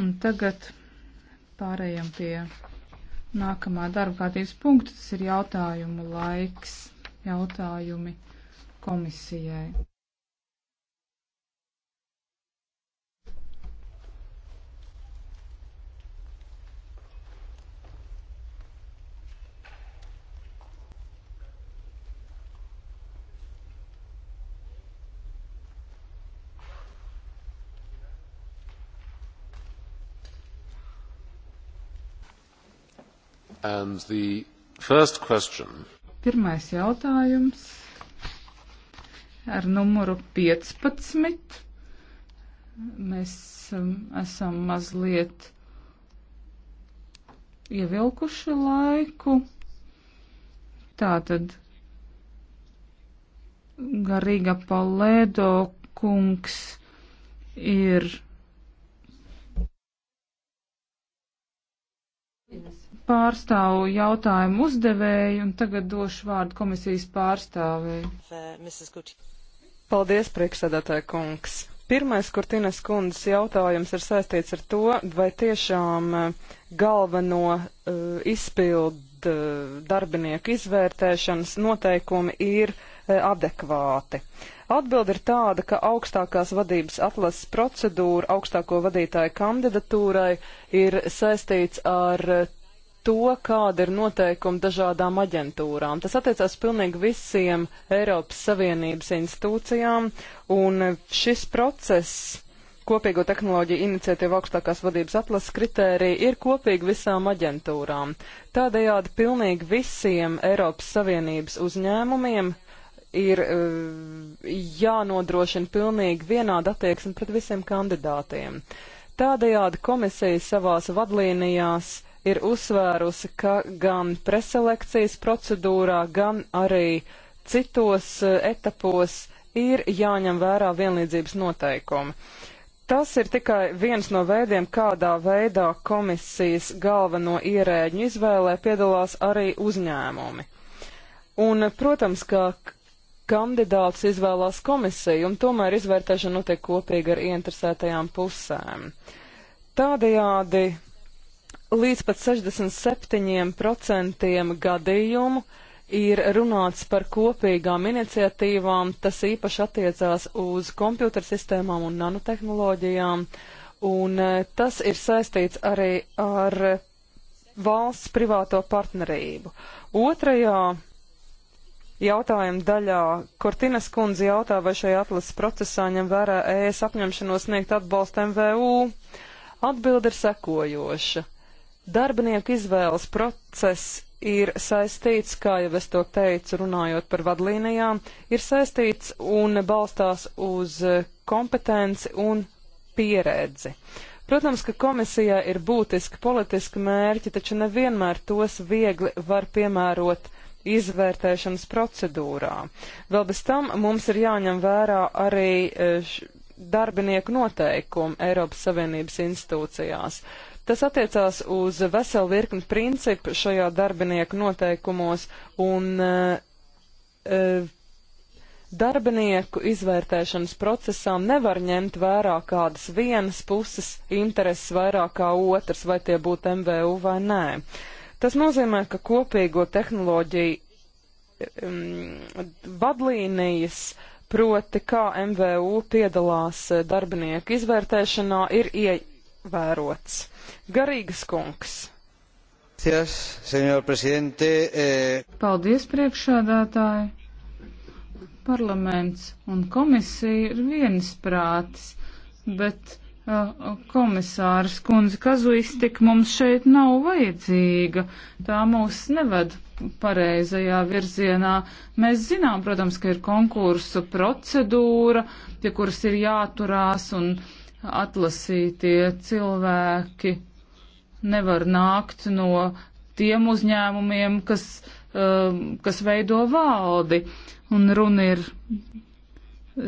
Un tagad pārējām pie nākamā darba kārtības punkta. Tas ir jautājumu laiks, jautājumi komisijai. Pirmais jautājums ar numuru 15. Mēs um, esam mazliet ievilkuši laiku. Tātad garīga palēdo kungs ir. Yes pārstāvu jautājumu uzdevēju un tagad došu vārdu komisijas pārstāvēju. Paldies, priekšsēdētāja kungs. Pirmais, kur Tinas kundzes jautājums ir saistīts ar to, vai tiešām eh, galveno uh, eh, izpildu uh, eh, darbinieku izvērtēšanas noteikumi ir uh, adekvāti. Atbilde ir tāda, ka augstākās vadības atlases procedūra augstāko vadītāju kandidatūrai ir saistīts ar to, kāda ir noteikuma dažādām aģentūrām. Tas attiecās pilnīgi visiem Eiropas Savienības institūcijām, un šis process kopīgo tehnoloģiju iniciatīvu augstākās vadības atlases kritērija ir kopīgi visām aģentūrām. Tādējādi pilnīgi visiem Eiropas Savienības uzņēmumiem ir eh, jānodrošina pilnīgi vienāda attieksme pret visiem kandidātiem. Tādējādi komisija savās vadlīnijās ir uzsvērusi, ka gan preselekcijas procedūrā, gan arī citos eh, etapos ir jāņem vērā vienlīdzības noteikumi. Tas ir tikai viens no veidiem, kādā veidā komisijas galveno ierēģu izvēlē piedalās arī uzņēmumi. Un, protams, ka kandidāts izvēlās komisiju, un tomēr izvērtēšana notiek kopīgi ar ieinteresētajām pusēm. Tādējādi līdz pat 67% gadījumu ir runāts par kopīgām iniciatīvām, tas īpaši attiecās uz kompjutersistēmām un nanotehnoloģijām, un e, tas ir saistīts arī ar valsts privāto partnerību. Otrajā jautājuma daļā Kortinas kundze jautā, vai šajā atlases procesā ņem vērā ES apņemšanos sniegt atbalstu MVU. Atbilde ir sekojoša. Darbinieku izvēles process ir saistīts, kā jau es to teicu, runājot par vadlīnijām, ir saistīts un balstās uz kompetenci un pieredzi. Protams, ka komisijā ir būtiski politiski mērķi, taču nevienmēr tos viegli var piemērot izvērtēšanas procedūrā. Vēl bez tam mums ir jāņem vērā arī eh, darbinieku noteikumi Eiropas Savienības institūcijās. Tas attiecās uz veselu virkni principu šajā darbinieku noteikumos un e, darbinieku izvērtēšanas procesām nevar ņemt vērā kādas vienas puses intereses vairāk kā otras, vai tie būtu MVU vai nē. Tas nozīmē, ka kopīgo tehnoloģiju vadlīnijas, proti kā MVU piedalās eh, darbinieku izvērtēšanā, ir ie, vērots. Garīgas kungs. Eh, Paldies, priekšādātāji! Parlaments un komisija ir viensprātis, bet uh, eh, komisārs kundze kazuistika mums šeit nav vajadzīga. Tā mūs neved pareizajā virzienā. Mēs zinām, protams, ka ir konkursu procedūra, pie kuras ir jāturās un jāturās atlasītie cilvēki nevar nākt no tiem uzņēmumiem, kas, um, kas veido valdi. Un runa ir,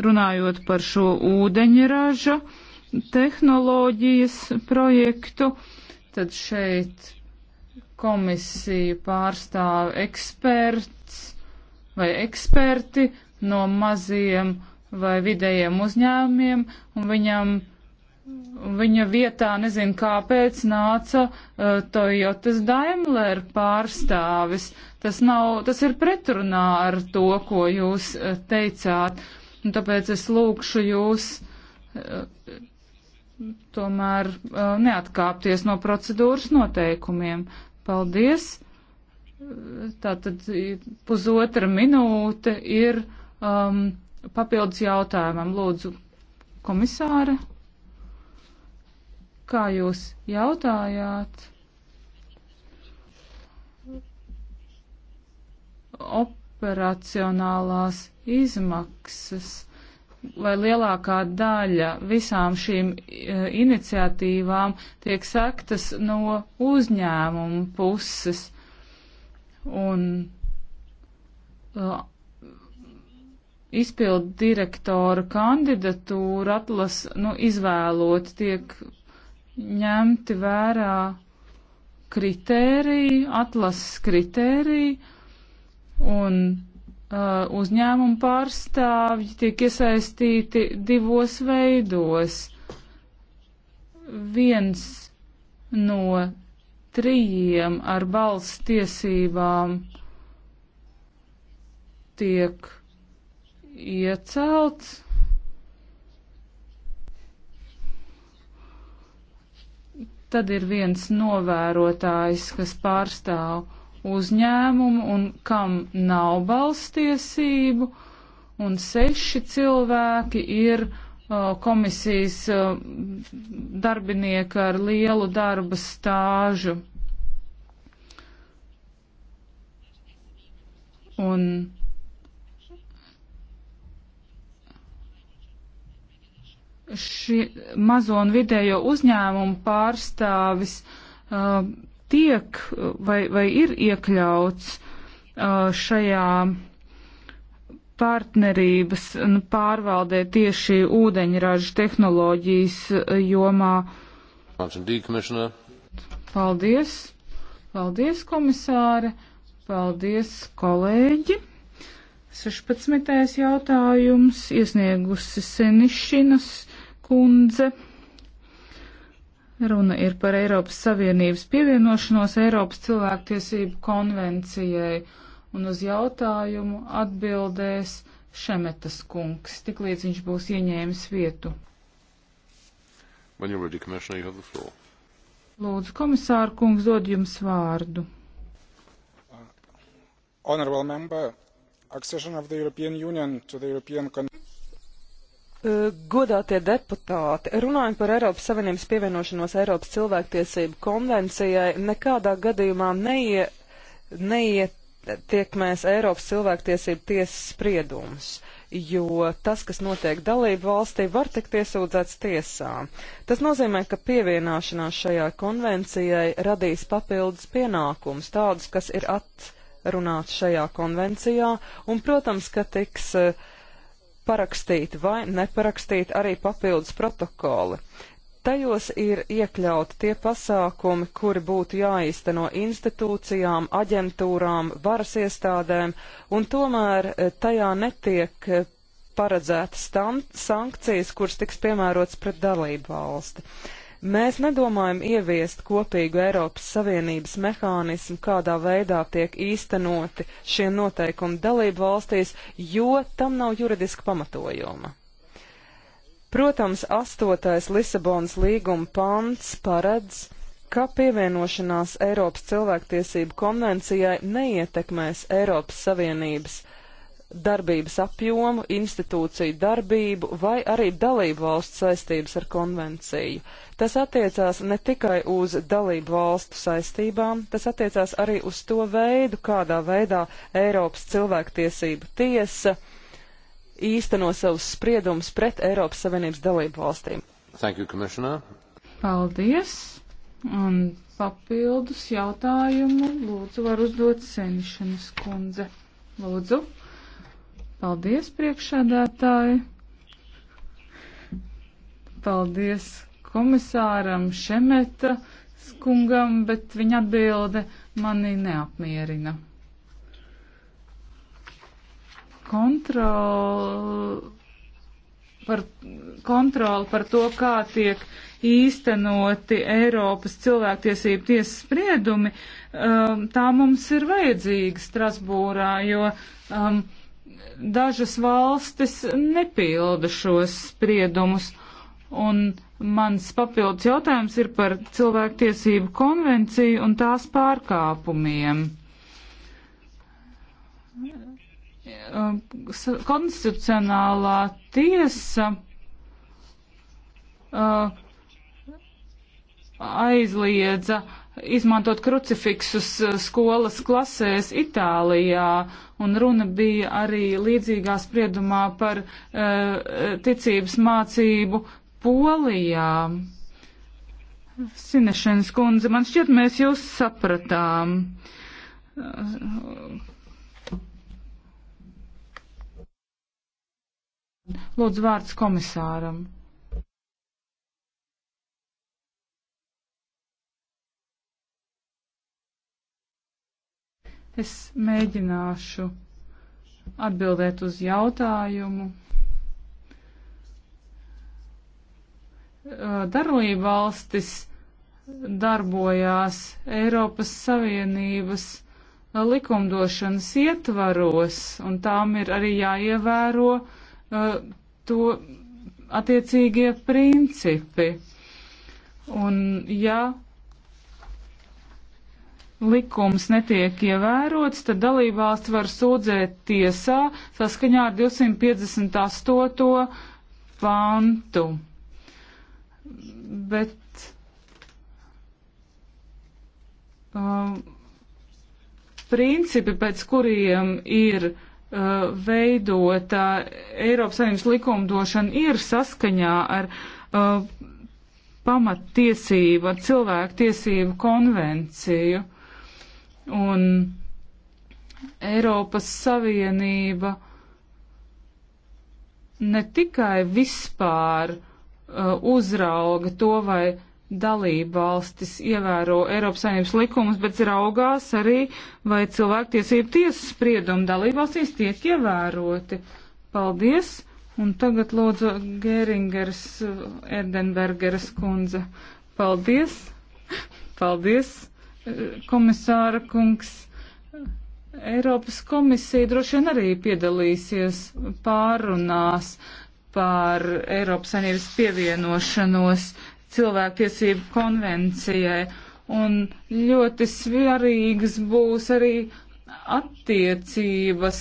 runājot par šo ūdeņraža tehnoloģijas projektu, tad šeit komisiju pārstāv eksperts vai eksperti no maziem vai vidējiem uzņēmumiem, un viņam viņa vietā nezinu kāpēc nāca uh, Toyotas Daimler pārstāvis. Tas, nav, tas ir pretrunā ar to, ko jūs uh, teicāt. Un tāpēc es lūkšu jūs uh, tomēr uh, neatkāpties no procedūras noteikumiem. Paldies! Tātad pusotra minūte ir um, papildus jautājumam. Lūdzu, komisāra kā jūs jautājāt, operacionālās izmaksas vai lielākā daļa visām šīm e, iniciatīvām tiek sektas no uzņēmuma puses. Un e, izpildu direktora kandidatūru atlas, nu, izvēlot tiek ņemti vērā kritēriji, atlases kritēriji, un uh, uzņēmumu pārstāvji tiek iesaistīti divos veidos. Viens no trījiem ar balss tiesībām tiek iecelts Tad ir viens novērotājs, kas pārstāv uzņēmumu un kam nav balstiesību, un seši cilvēki ir uh, komisijas uh, darbinieki ar lielu darba stāžu. Un šie mazo un vidējo uzņēmumu pārstāvis uh, tiek vai, vai ir iekļauts uh, šajā partnerības un nu, pārvaldē tieši ūdeņraža tehnoloģijas uh, jomā. Paldies, paldies komisāre, paldies kolēģi. 16. jautājums iesniegusi Senišinas kundze. Runa ir par Eiropas Savienības pievienošanos Eiropas cilvēktiesību konvencijai, un uz jautājumu atbildēs Šemetas kungs, tiklīdz viņš būs ieņēmis vietu. Ready, Lūdzu, komisāra kungs, dod jums vārdu. Uh, Eh, godātie deputāti, runājot par Eiropas Savienības pievienošanos Eiropas cilvēktiesību konvencijai, nekādā gadījumā neie, neietiekmēs Eiropas cilvēktiesību tiesas spriedumus, jo tas, kas notiek dalību valstī, var tikt iesūdzēts tiesā. Tas nozīmē, ka pievienošanās šajā konvencijai radīs papildus pienākums, tādus, kas ir atrunāts šajā konvencijā, un, protams, ka tiks uh, parakstīt vai neparakstīt arī papildus protokoli. Tajos ir iekļauti tie pasākumi, kuri būtu jāīsteno institūcijām, aģentūrām, varas iestādēm, un tomēr eh, tajā netiek eh, paredzētas sankcijas, kuras tiks piemērotas pret dalību valsti. Mēs nedomājam ieviest kopīgu Eiropas Savienības mehānismu, kādā veidā tiek īstenoti šie noteikumi dalību valstīs, jo tam nav juridiska pamatojuma. Protams, astotais Lisabonas līguma pants paredz, ka pievienošanās Eiropas cilvēktiesību konvencijai neietekmēs Eiropas Savienības darbības apjomu, institūciju darbību vai arī dalību valstu saistības ar konvenciju. Tas attiecās ne tikai uz dalību valstu saistībām, tas attiecās arī uz to veidu, kādā veidā Eiropas cilvēktiesību tiesa īsteno savus spriedumus pret Eiropas Savienības dalību valstīm. Thank you, Commissioner. Paldies. Un papildus jautājumu lūdzu var uzdot Senišanas kundze. Lūdzu. Paldies, priekšādātāji! Paldies komisāram Šemeta skungam, bet viņa atbilde mani neapmierina. Kontrol... Par kontroli par to, kā tiek īstenoti Eiropas cilvēktiesību tiesas spriedumi, um, tā mums ir vajadzīga Strasbūrā, jo um, dažas valstis nepilda šos spriedumus. Un mans papildus jautājums ir par cilvēktiesību konvenciju un tās pārkāpumiem. Uh, konstitucionālā tiesa uh, aizliedza uh, izmantot krucifiksus eh, skolas klasēs Itālijā, un runa bija arī līdzīgā spriedumā par uh, ticības mācību Polijā. Sinešens kundze, man šķiet, mēs jūs sapratām. Lūdzu vārds komisāram. Es mēģināšu atbildēt uz jautājumu. Darlība valstis darbojās Eiropas Savienības likumdošanas ietvaros, un tām ir arī jāievēro uh, to attiecīgie principi. Un ja likums netiek ievērots, tad dalībvalsts var sūdzēt tiesā saskaņā ar 258. pantu. Bet. Um, principi, pēc kuriem ir uh, veidota Eiropas Savienības likumdošana, ir saskaņā ar uh, pamattiesību, ar cilvēku tiesību konvenciju un Eiropas Savienība ne tikai vispār uh, uzrauga to, vai dalība valstis ievēro Eiropas Savienības likumus, bet raugās arī, vai cilvēktiesību tiesas spriedumi dalība valstīs tiek ievēroti. Paldies! Un tagad lūdzu Gēringers, uh, Erdenbergeras kundze. Paldies! Paldies! komisāra kungs. Eiropas komisija droši vien arī piedalīsies pārunās par Eiropas saimnības pievienošanos cilvēktiesību konvencijai. Un ļoti svarīgs būs arī attiecības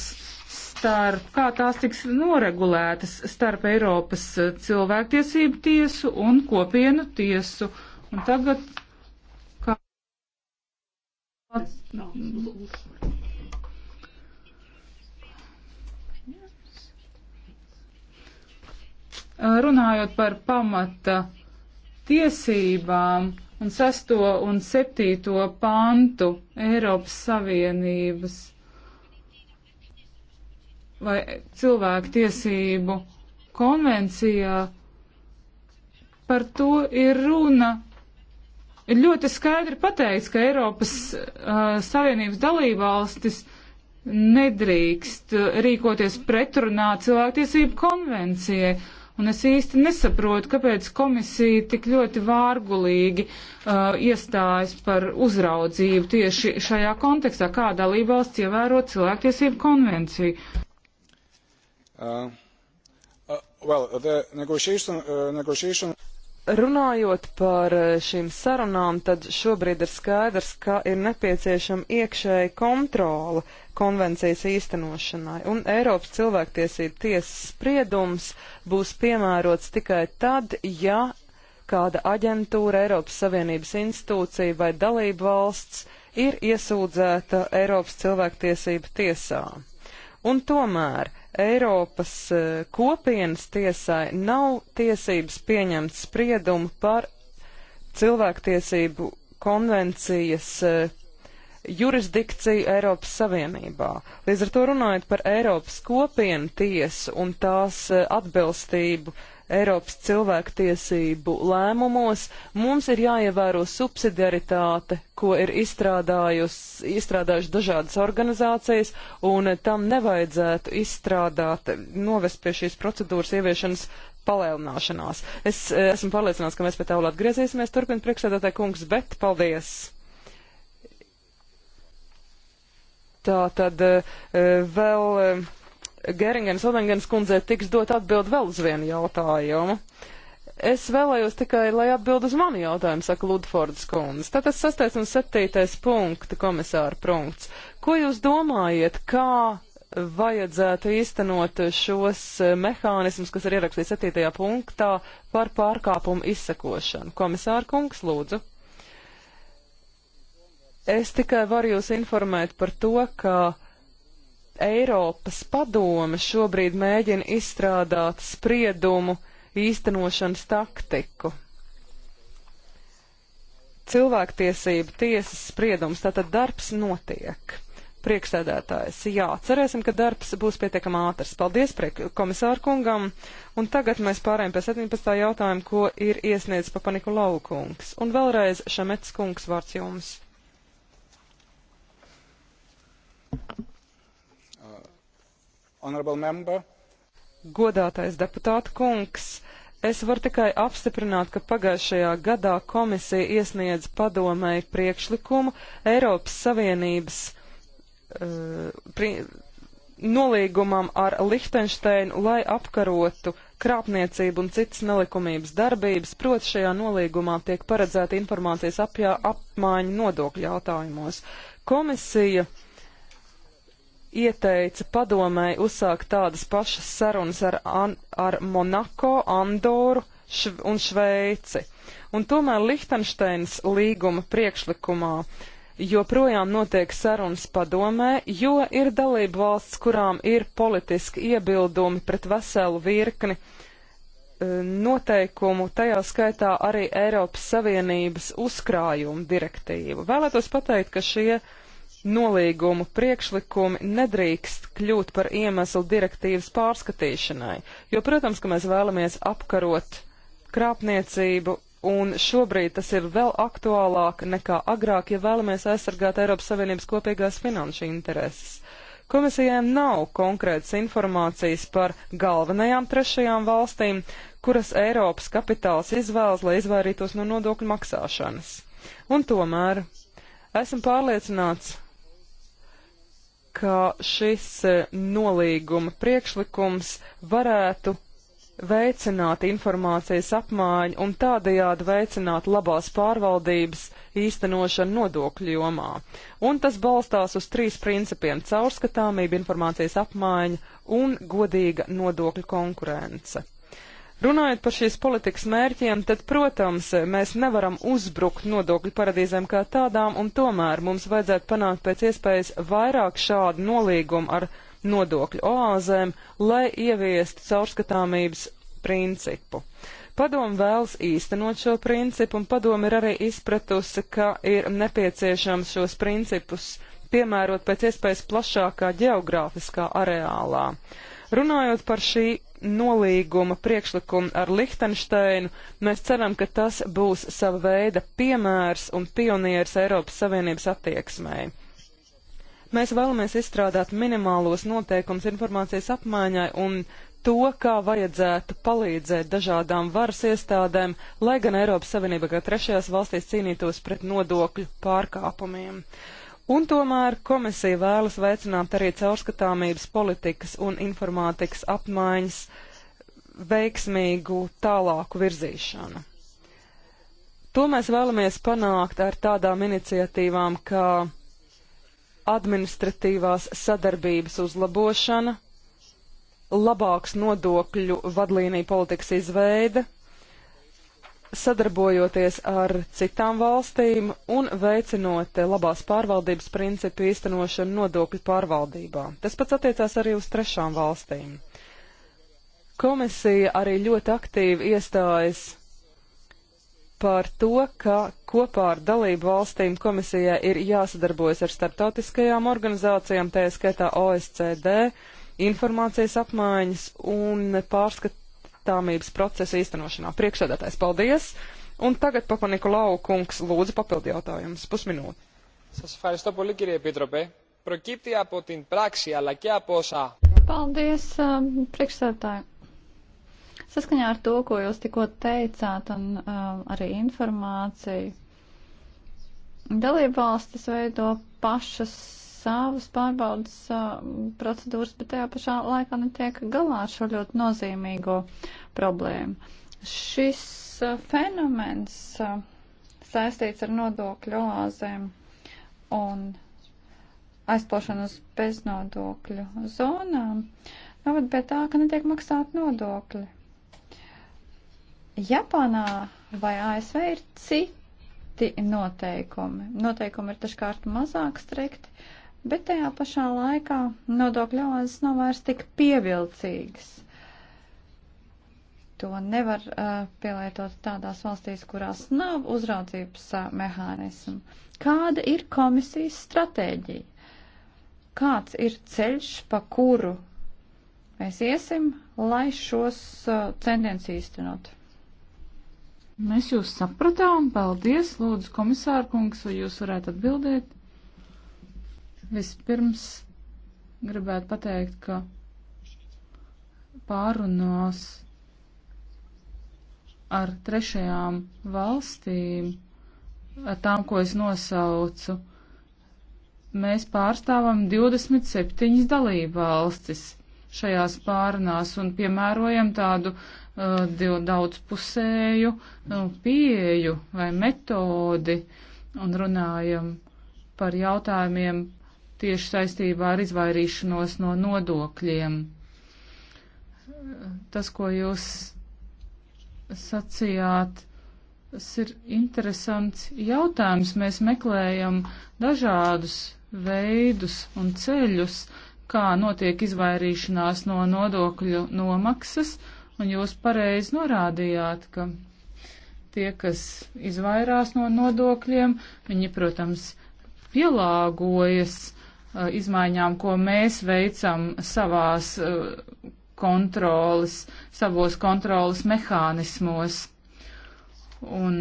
starp, kā tās tiks noregulētas starp Eiropas cilvēktiesību tiesu un kopienu tiesu. Un tagad No. Runājot par pamata tiesībām un 6. un 7. pantu Eiropas Savienības vai cilvēku tiesību konvencijā, par to ir runa ir ļoti skaidri pateikts, ka Eiropas uh, Savienības dalībvalstis nedrīkst uh, rīkoties pretrunā cilvēktiesību konvencijai. Un es īsti nesaprotu, kāpēc komisija tik ļoti vārgulīgi uh, iestājas par uzraudzību tieši šajā kontekstā, kā dalībvalsts ievēro cilvēktiesību konvenciju. Uh, uh, well, the negotiation, uh, negotiation... Runājot par eh, šīm sarunām, tad šobrīd ir skaidrs, ka ir nepieciešama iekšēja kontrola konvencijas īstenošanai, un Eiropas cilvēktiesība tiesas spriedums būs piemērots tikai tad, ja kāda aģentūra, Eiropas Savienības institūcija vai dalība valsts ir iesūdzēta Eiropas cilvēktiesība tiesā. Un tomēr Eiropas e, kopienas tiesai nav tiesības pieņemt spriedumu par cilvēktiesību konvencijas e, jurisdikciju Eiropas Savienībā. Līdz ar to runājot par Eiropas kopienu tiesu un tās e, atbilstību uh, Eiropas cilvēktiesību lēmumos, mums ir jāievēro subsidiaritāte, ko ir izstrādājuši dažādas organizācijas, un tam nevajadzētu izstrādāt, novest pie šīs procedūras ieviešanas palielināšanās. Es e, esmu pārliecināts, ka mēs pie tā vēl atgriezīsimies, turpin priekšsēdētāji kungs, bet paldies! Tā tad e, e, vēl Geringens Odengens kundzei tiks dot atbild vēl uz vienu jautājumu. Es vēlējos tikai, lai atbild uz manu jautājumu, saka Ludfords kundze. Tātad sastais un septītais punkti, komisāra punkts. Ko jūs domājat, kā vajadzētu īstenot šos eh, mehānismus, kas ir ierakstīts 7. punktā par pārkāpumu izsekošanu. Komisāra kungs, lūdzu. Es tikai varu jūs informēt par to, ka Eiropas padome šobrīd mēģina izstrādāt spriedumu īstenošanas taktiku. Cilvēktiesība tiesas spriedums, tātad darbs notiek. Priekšsēdētājs, jā, cerēsim, ka darbs būs pietiekam ātrs. Paldies komisāru kungam, un tagad mēs pārējām pie 17. jautājumu, ko ir iesniedz papaniku laukungs. Un vēlreiz Šamets kungs vārds jums. Godātais deputāta kungs, es varu tikai apstiprināt, ka pagājušajā gadā komisija iesniedz padomēji priekšlikumu Eiropas Savienības uh, pri, nolīgumam ar Lihtenšteinu, lai apkarotu krāpniecību un citas nelikumības darbības, proti šajā nolīgumā tiek paredzēta informācijas apjā, apmaiņa nodokļu jautājumos. Komisija ieteica padomēji uzsākt tādas pašas sarunas ar, an, ar Monako, Andoru šv un Šveici. Un tomēr Lihtensteins līguma priekšlikumā joprojām notiek sarunas padomē, jo ir dalību valsts, kurām ir politiski iebildumi pret veselu virkni e, noteikumu, tajā skaitā arī Eiropas Savienības uzkrājumu direktīvu. Vēlētos pateikt, ka šie uh, nolīgumu priekšlikumi nedrīkst kļūt par iemeslu direktīvas pārskatīšanai, jo, protams, ka mēs vēlamies apkarot krāpniecību, un šobrīd tas ir vēl aktuālāk nekā agrāk, ja vēlamies aizsargāt Eiropas Savienības kopīgās finanšu intereses. Komisijām nav konkrētas informācijas par galvenajām trešajām valstīm, kuras Eiropas kapitāls izvēlas, lai izvairītos no nodokļu maksāšanas. Un tomēr esmu pārliecināts, ka šis e, nolīguma priekšlikums varētu veicināt informācijas apmaiņu un tādējādi veicināt labās pārvaldības īstenošanu nodokļu jomā. Un tas balstās uz trīs principiem - caurskatāmība, informācijas apmaiņa un godīga nodokļu konkurence. Runājot par šīs politikas mērķiem, tad, protams, mēs nevaram uzbrukt nodokļu paradīzēm kā tādām, un tomēr mums vajadzētu panākt pēc iespējas vairāk šādu nolīgumu ar nodokļu oāzēm, lai ieviestu caurskatāmības principu. Padomu vēlas īstenot šo principu, un padomu ir arī izpratusi, ka ir nepieciešams šos principus piemērot pēc iespējas plašākā geogrāfiskā areālā. Runājot par šī nolīguma priekšlikumu ar Lihtensteinu, mēs ceram, ka tas būs sava veida piemērs un pionieris Eiropas Savienības attieksmēji. Mēs vēlamies izstrādāt minimālos noteikums informācijas apmaiņai un to, kā vajadzētu palīdzēt dažādām varas iestādēm, lai gan Eiropas Savienība, gan trešajās valstīs cīnītos pret nodokļu pārkāpumiem. Uh, Un tomēr komisija vēlas veicināt arī caurskatāmības politikas un informātikas apmaiņas veiksmīgu tālāku virzīšanu. To mēs vēlamies panākt ar tādām iniciatīvām kā administratīvās sadarbības uzlabošana, labāks nodokļu vadlīniju politikas izveide, sadarbojoties ar citām valstīm un veicinot labās pārvaldības principu īstenošanu nodokļu pārvaldībā. Tas pats attiecās arī uz trešām valstīm. Komisija arī ļoti aktīvi iestājas par to, ka kopā ar dalību valstīm komisijai ir jāsadarbojas ar starptautiskajām organizācijām, tā skaitā OSCD, informācijas apmaiņas un pārskat caurskatāmības procesa īstenošanā. Priekšsēdētājs, paldies! Un tagad Papa Nikolau kungs lūdzu papildi jautājumus. Pusminūte. Σας ευχαριστώ πολύ κύριε Επίτροπε. Προκύπτει από την πράξη αλλά και από όσα... Paldies, priekšsētāji. Saskaņā ar to, ko jūs tikko teicāt, un um, arī informāciju, dalībvalstis veido pašas savas pārbaudas procedūras, bet tajā pašā laikā netiek galā ar šo ļoti nozīmīgo problēmu. Šis fenomens saistīts ar nodokļu oāzēm un aizplošanu uz beznodokļu zonām novad pie tā, ka netiek maksāt nodokļi. Japānā vai ASV ir citi noteikumi. Noteikumi ir taškārt mazāk strikti, bet tajā pašā laikā nodokļu oāzes nav vairs tik pievilcīgas. To nevar uh, pielietot tādās valstīs, kurās nav uzraudzības uh, mehānismu. Kāda ir komisijas stratēģija? Kāds ir ceļš, pa kuru mēs iesim, lai šos uh, centienus īstenot? Mēs jūs sapratām, paldies, lūdzu, komisārkungs, vai jūs varētu atbildēt? Vispirms gribētu pateikt, ka pārunās ar trešajām valstīm, ar tām, ko es nosaucu, mēs pārstāvam 27 dalību valstis šajās pārunās un piemērojam tādu uh, daudzpusēju uh, pieeju vai metodi un runājam par jautājumiem, tieši saistībā ar izvairīšanos no nodokļiem. Tas, ko jūs sacījāt, tas ir interesants jautājums. Mēs meklējam dažādus veidus un ceļus, kā notiek izvairīšanās no nodokļu nomaksas, un jūs pareizi norādījāt, ka tie, kas izvairās no nodokļiem, viņi, protams, pielāgojas Eh, izmaiņām, ko mēs veicam savās eh, kontrolas, savos kontrolas mehānismos. Un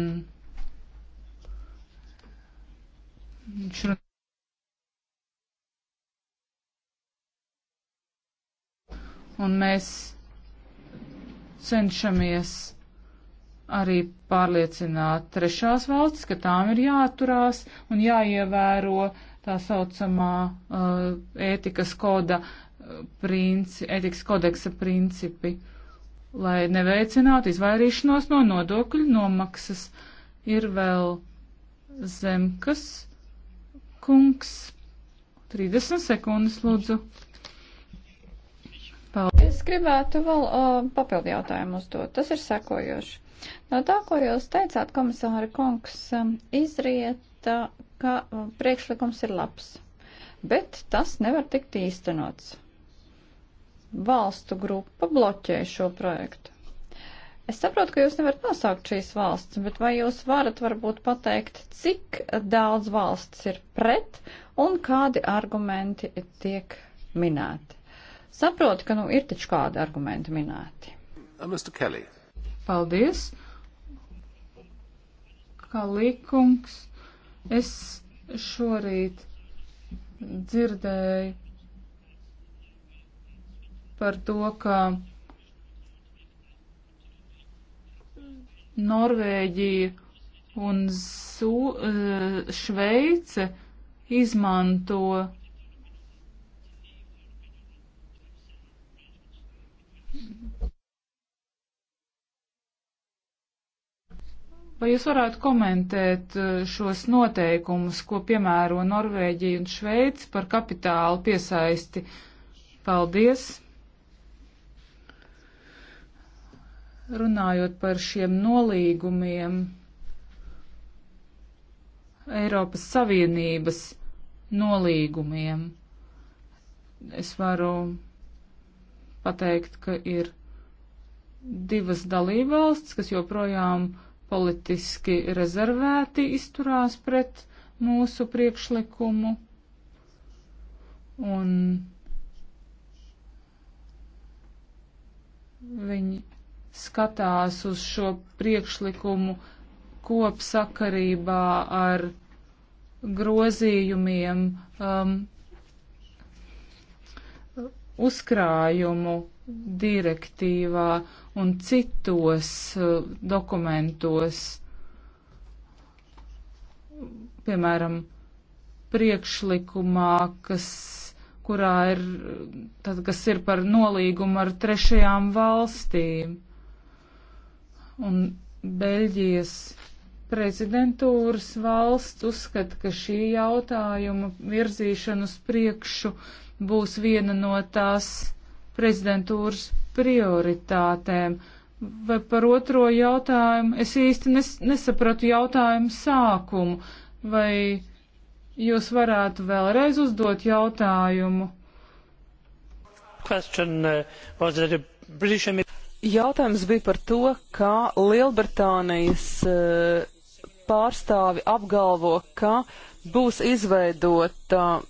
Un mēs cenšamies arī pārliecināt trešās valstis, ka tām ir jāturās un jāievēro uh, tā saucamā uh, ētikas koda uh, princi, ētikas kodeksa principi, lai neveicinātu izvairīšanos no nodokļu nomaksas. Ir vēl Zemkas kungs. 30 sekundes, lūdzu. Paldies. Es gribētu vēl uh, papildu jautājumu uzdot. Tas ir sekojoši. No tā, ko jūs teicāt, komisāra kungs, um, izriet, uh, ka uh, priekšlikums ir labs, bet tas nevar tikt īstenots. Valstu grupa bloķē šo projektu. Es saprotu, ka jūs nevarat nosaukt šīs valsts, bet vai jūs varat varbūt pateikt, cik daudz valsts ir pret un kādi argumenti tiek minēti? Saprotu, ka nu ir taču kādi argumenti minēti. Uh, Mr. Kelly. Paldies. Kā līkums. Es šorīt dzirdēju par to, ka Norvēģija un Su eh, Šveice izmanto Vai jūs varētu komentēt e, šos noteikumus, ko piemēro Norvēģija un Šveica par kapitālu piesaisti? Paldies! Runājot par šiem nolīgumiem, Eiropas Savienības nolīgumiem, es varu pateikt, ka ir divas dalībvalstis, kas joprojām politiski rezervēti izturās pret mūsu priekšlikumu. Un viņi skatās uz šo priekšlikumu kopsakarībā ar grozījumiem um, uzkrājumu direktīvā un citos uh, dokumentos, piemēram, priekšlikumā, kas, kurā ir, tad, kas ir par nolīgumu ar trešajām valstīm. Un Beļģijas prezidentūras valsts uzskata, ka šī jautājuma virzīšana uz priekšu būs viena no tās prezidentūras prioritātēm. Vai par otro jautājumu? Es īsti nes, nesapratu jautājumu sākumu. Vai jūs varētu vēlreiz uzdot jautājumu? Question, uh, British... Jautājums bija par to, kā Lielbritānijas uh, pārstāvi apgalvo, ka būs izveidota uh,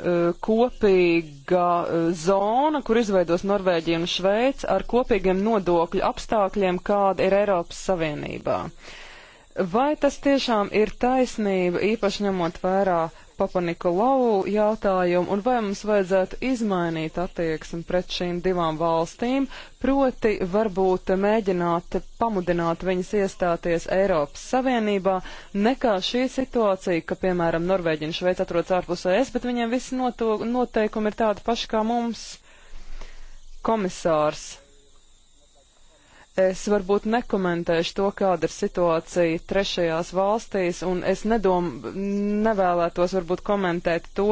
Eh, kopīga eh, zona, kur izveidos Norvēģija un Šveica ar kopīgiem nodokļu apstākļiem, kāda ir Eiropas Savienībā. Vai tas tiešām ir taisnība, īpaši ņemot vērā Papanikolaou jautājumu un vai mums vajadzētu izmainīt attieksmi pret šīm divām valstīm, proti varbūt mēģināt pamudināt viņas iestāties Eiropas Savienībā, nekā šī situācija, ka, piemēram, Norvēģi un Šveica atrodas ārpus ES, bet viņiem visi noteikumi ir tādi paši kā mums. Komisārs Es varbūt nekomentēšu to, kāda ir situācija trešajās valstīs, un es nedom, nevēlētos varbūt komentēt to,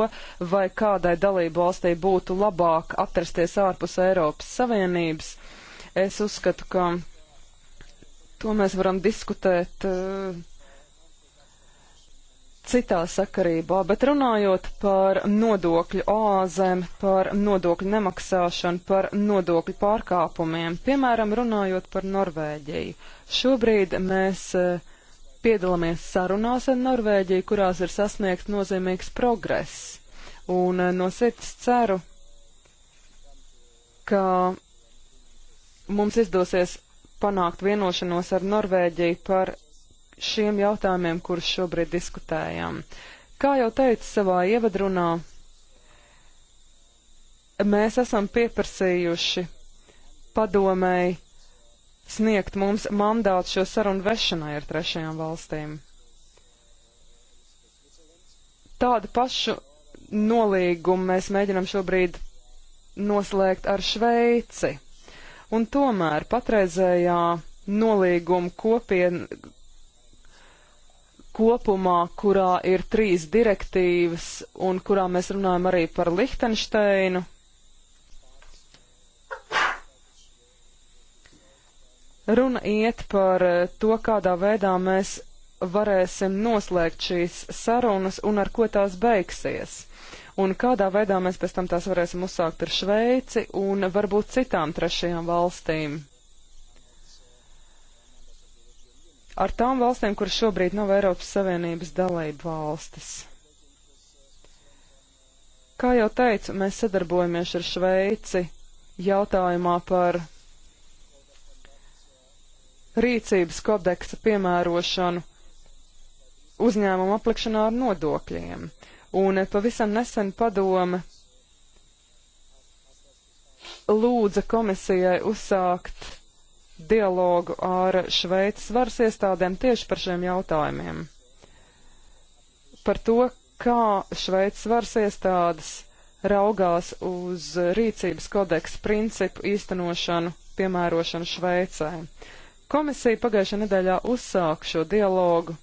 vai kādai dalību valstī būtu labāk atrasties ārpus Eiropas Savienības. Es uzskatu, ka to mēs varam diskutēt eh, citā sakarībā, bet runājot par nodokļu oāzēm, par nodokļu nemaksāšanu, par nodokļu pārkāpumiem, piemēram, runājot par Norvēģiju. Šobrīd mēs e, piedalāmies sarunās ar Norvēģiju, kurās ir sasniegts nozīmīgs progress. Un e, no sirds ceru, ka mums izdosies panākt vienošanos ar Norvēģiju par šiem jautājumiem, kurus šobrīd diskutējam. Kā jau teicu savā ievadrunā, mēs esam pieprasījuši padomēji sniegt mums mandātu šo sarunu vešanai ar trešajām valstīm. Tādu pašu nolīgumu mēs mēģinam šobrīd noslēgt ar Šveici. Un tomēr patreizējā nolīguma kopien, kopumā, kurā ir trīs direktīvas un kurā mēs runājam arī par Lihtensteinu. Runa iet par eh, to, kādā veidā mēs varēsim noslēgt šīs sarunas un ar ko tās beigsies. Un kādā veidā mēs pēc tam tās varēsim uzsākt ar Šveici un varbūt citām trešajām valstīm. ar tām valstīm, kuras šobrīd nav Eiropas Savienības dalība valstis. Kā jau teicu, mēs sadarbojamies ar Šveici jautājumā par rīcības kodeksa piemērošanu uzņēmumu aplikšanā ar nodokļiem. Un eh, pavisam nesen padome lūdza komisijai uzsākt dialogu ar Šveices varas iestādēm tieši par šiem jautājumiem. Par to, kā Šveices varas iestādes raugās uz rīcības kodeksa principu īstenošanu, piemērošanu Šveicē. Komisija pagājušajā nedēļā uzsāk šo dialogu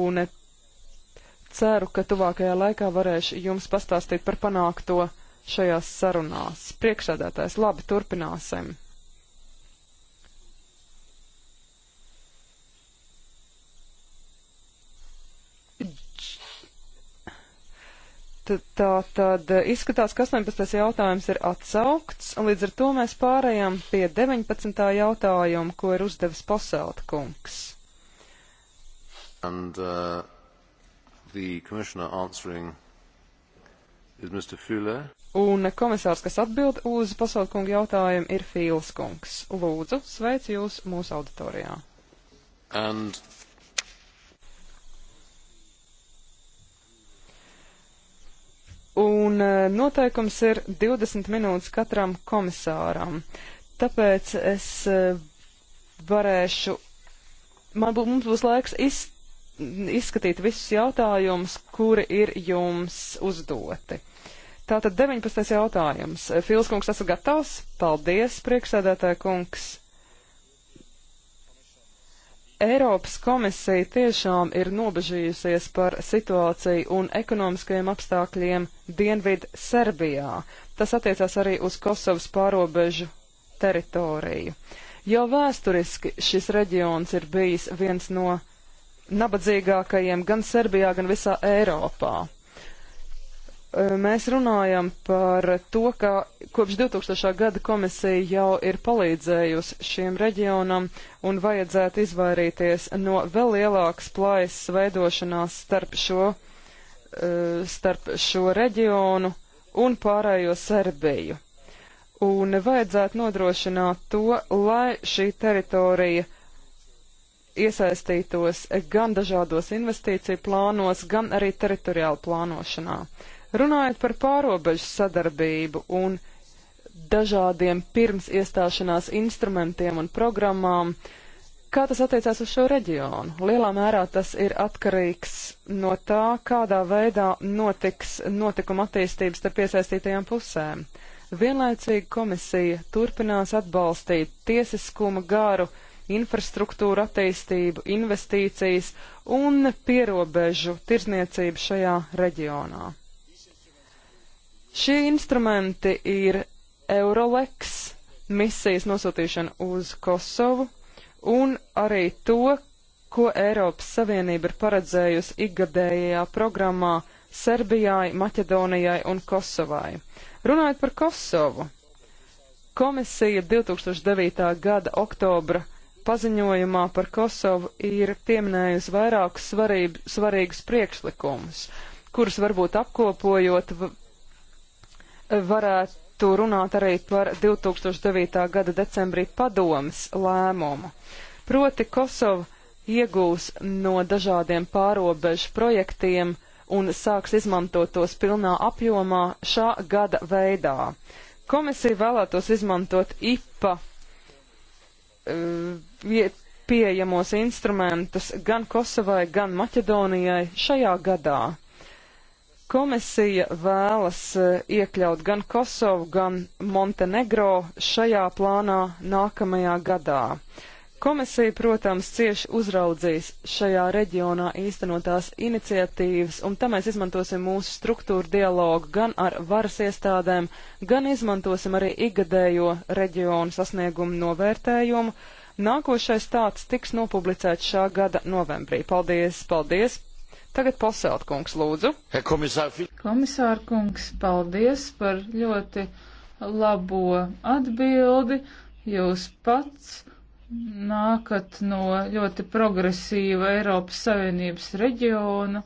un ceru, ka tuvākajā laikā varēšu jums pastāstīt par panākto šajās sarunās. Priekšsēdētājs, labi, turpināsim! Tā tad izskatās, ka 18. jautājums ir atsaukts, un līdz ar to mēs pārējām pie 19. jautājumu, ko ir uzdevis Posēlta kungs. And, uh, un komisārs, kas atbild uz Posēlta kunga jautājumu, ir Fīls kungs. Lūdzu, sveicu jūs mūsu auditorijā. And Un eh, noteikums ir 20 minūtes katram komisāram. Tāpēc es eh, varēšu, man būs, mums būs laiks iz, izskatīt visus jautājumus, kuri ir jums uzdoti. Tātad 19. jautājums. Fils kungs, esat gatavs? Paldies, priekšsēdētāja kungs. Eiropas komisija tiešām ir nobežījusies par situāciju un ekonomiskajiem apstākļiem Dienvid Serbijā. Tas attiecās arī uz Kosovas pārobežu teritoriju. Jau vēsturiski šis reģions ir bijis viens no nabadzīgākajiem gan Serbijā, gan visā Eiropā mēs runājam par to, ka kopš 2000. gada komisija jau ir palīdzējusi šiem reģionam un vajadzētu izvairīties no vēl lielākas plaisas veidošanās starp šo, starp šo reģionu un pārējo Serbiju. Un vajadzētu nodrošināt to, lai šī teritorija iesaistītos gan dažādos investīciju plānos, gan arī teritoriāli plānošanā. Uh, Runājot par pārobežu sadarbību un dažādiem pirms iestāšanās instrumentiem un programmām, kā tas attiecās uz šo reģionu? Lielā mērā tas ir atkarīgs no tā, kādā veidā notiks notikuma attīstības starp iesaistītajām pusēm. Vienlaicīgi komisija turpinās atbalstīt tiesiskuma garu, infrastruktūru attīstību, investīcijas un pierobežu tirzniecību šajā reģionā. Šie instrumenti ir Euroleks, misijas nosūtīšana uz Kosovu un arī to, ko Eiropas Savienība ir paredzējusi ikgadējajā programmā Serbijai, Maķedonijai un Kosovai. Runājot par Kosovu, komisija 2009. gada oktobra paziņojumā par Kosovu ir pieminējusi vairākus svarību, svarīgus priekšlikumus, kurus varbūt apkopojot varētu runāt arī par 2009. gada decembrī padomas lēmumu. Proti Kosova iegūs no dažādiem pārobežu projektiem un sāks izmantot tos pilnā apjomā šā gada veidā. Komisija vēlētos izmantot IPA eh, pieejamos instrumentus gan Kosovai, gan Maķedonijai šajā gadā. Komisija vēlas eh, iekļaut gan Kosovu, gan Montenegro šajā plānā nākamajā gadā. Komisija, protams, cieši uzraudzīs šajā reģionā īstenotās iniciatīvas, un tam mēs izmantosim mūsu struktūru dialogu gan ar varas iestādēm, gan izmantosim arī igadējo reģionu sasniegumu novērtējumu. Nākošais tāds tiks nopublicēts šā gada novembrī. Paldies, paldies Tagad Poselt kungs, lūdzu. Komisār kungs, paldies par ļoti labo atbildi. Jūs pats nākat no ļoti progresīva Eiropas Savienības reģiona.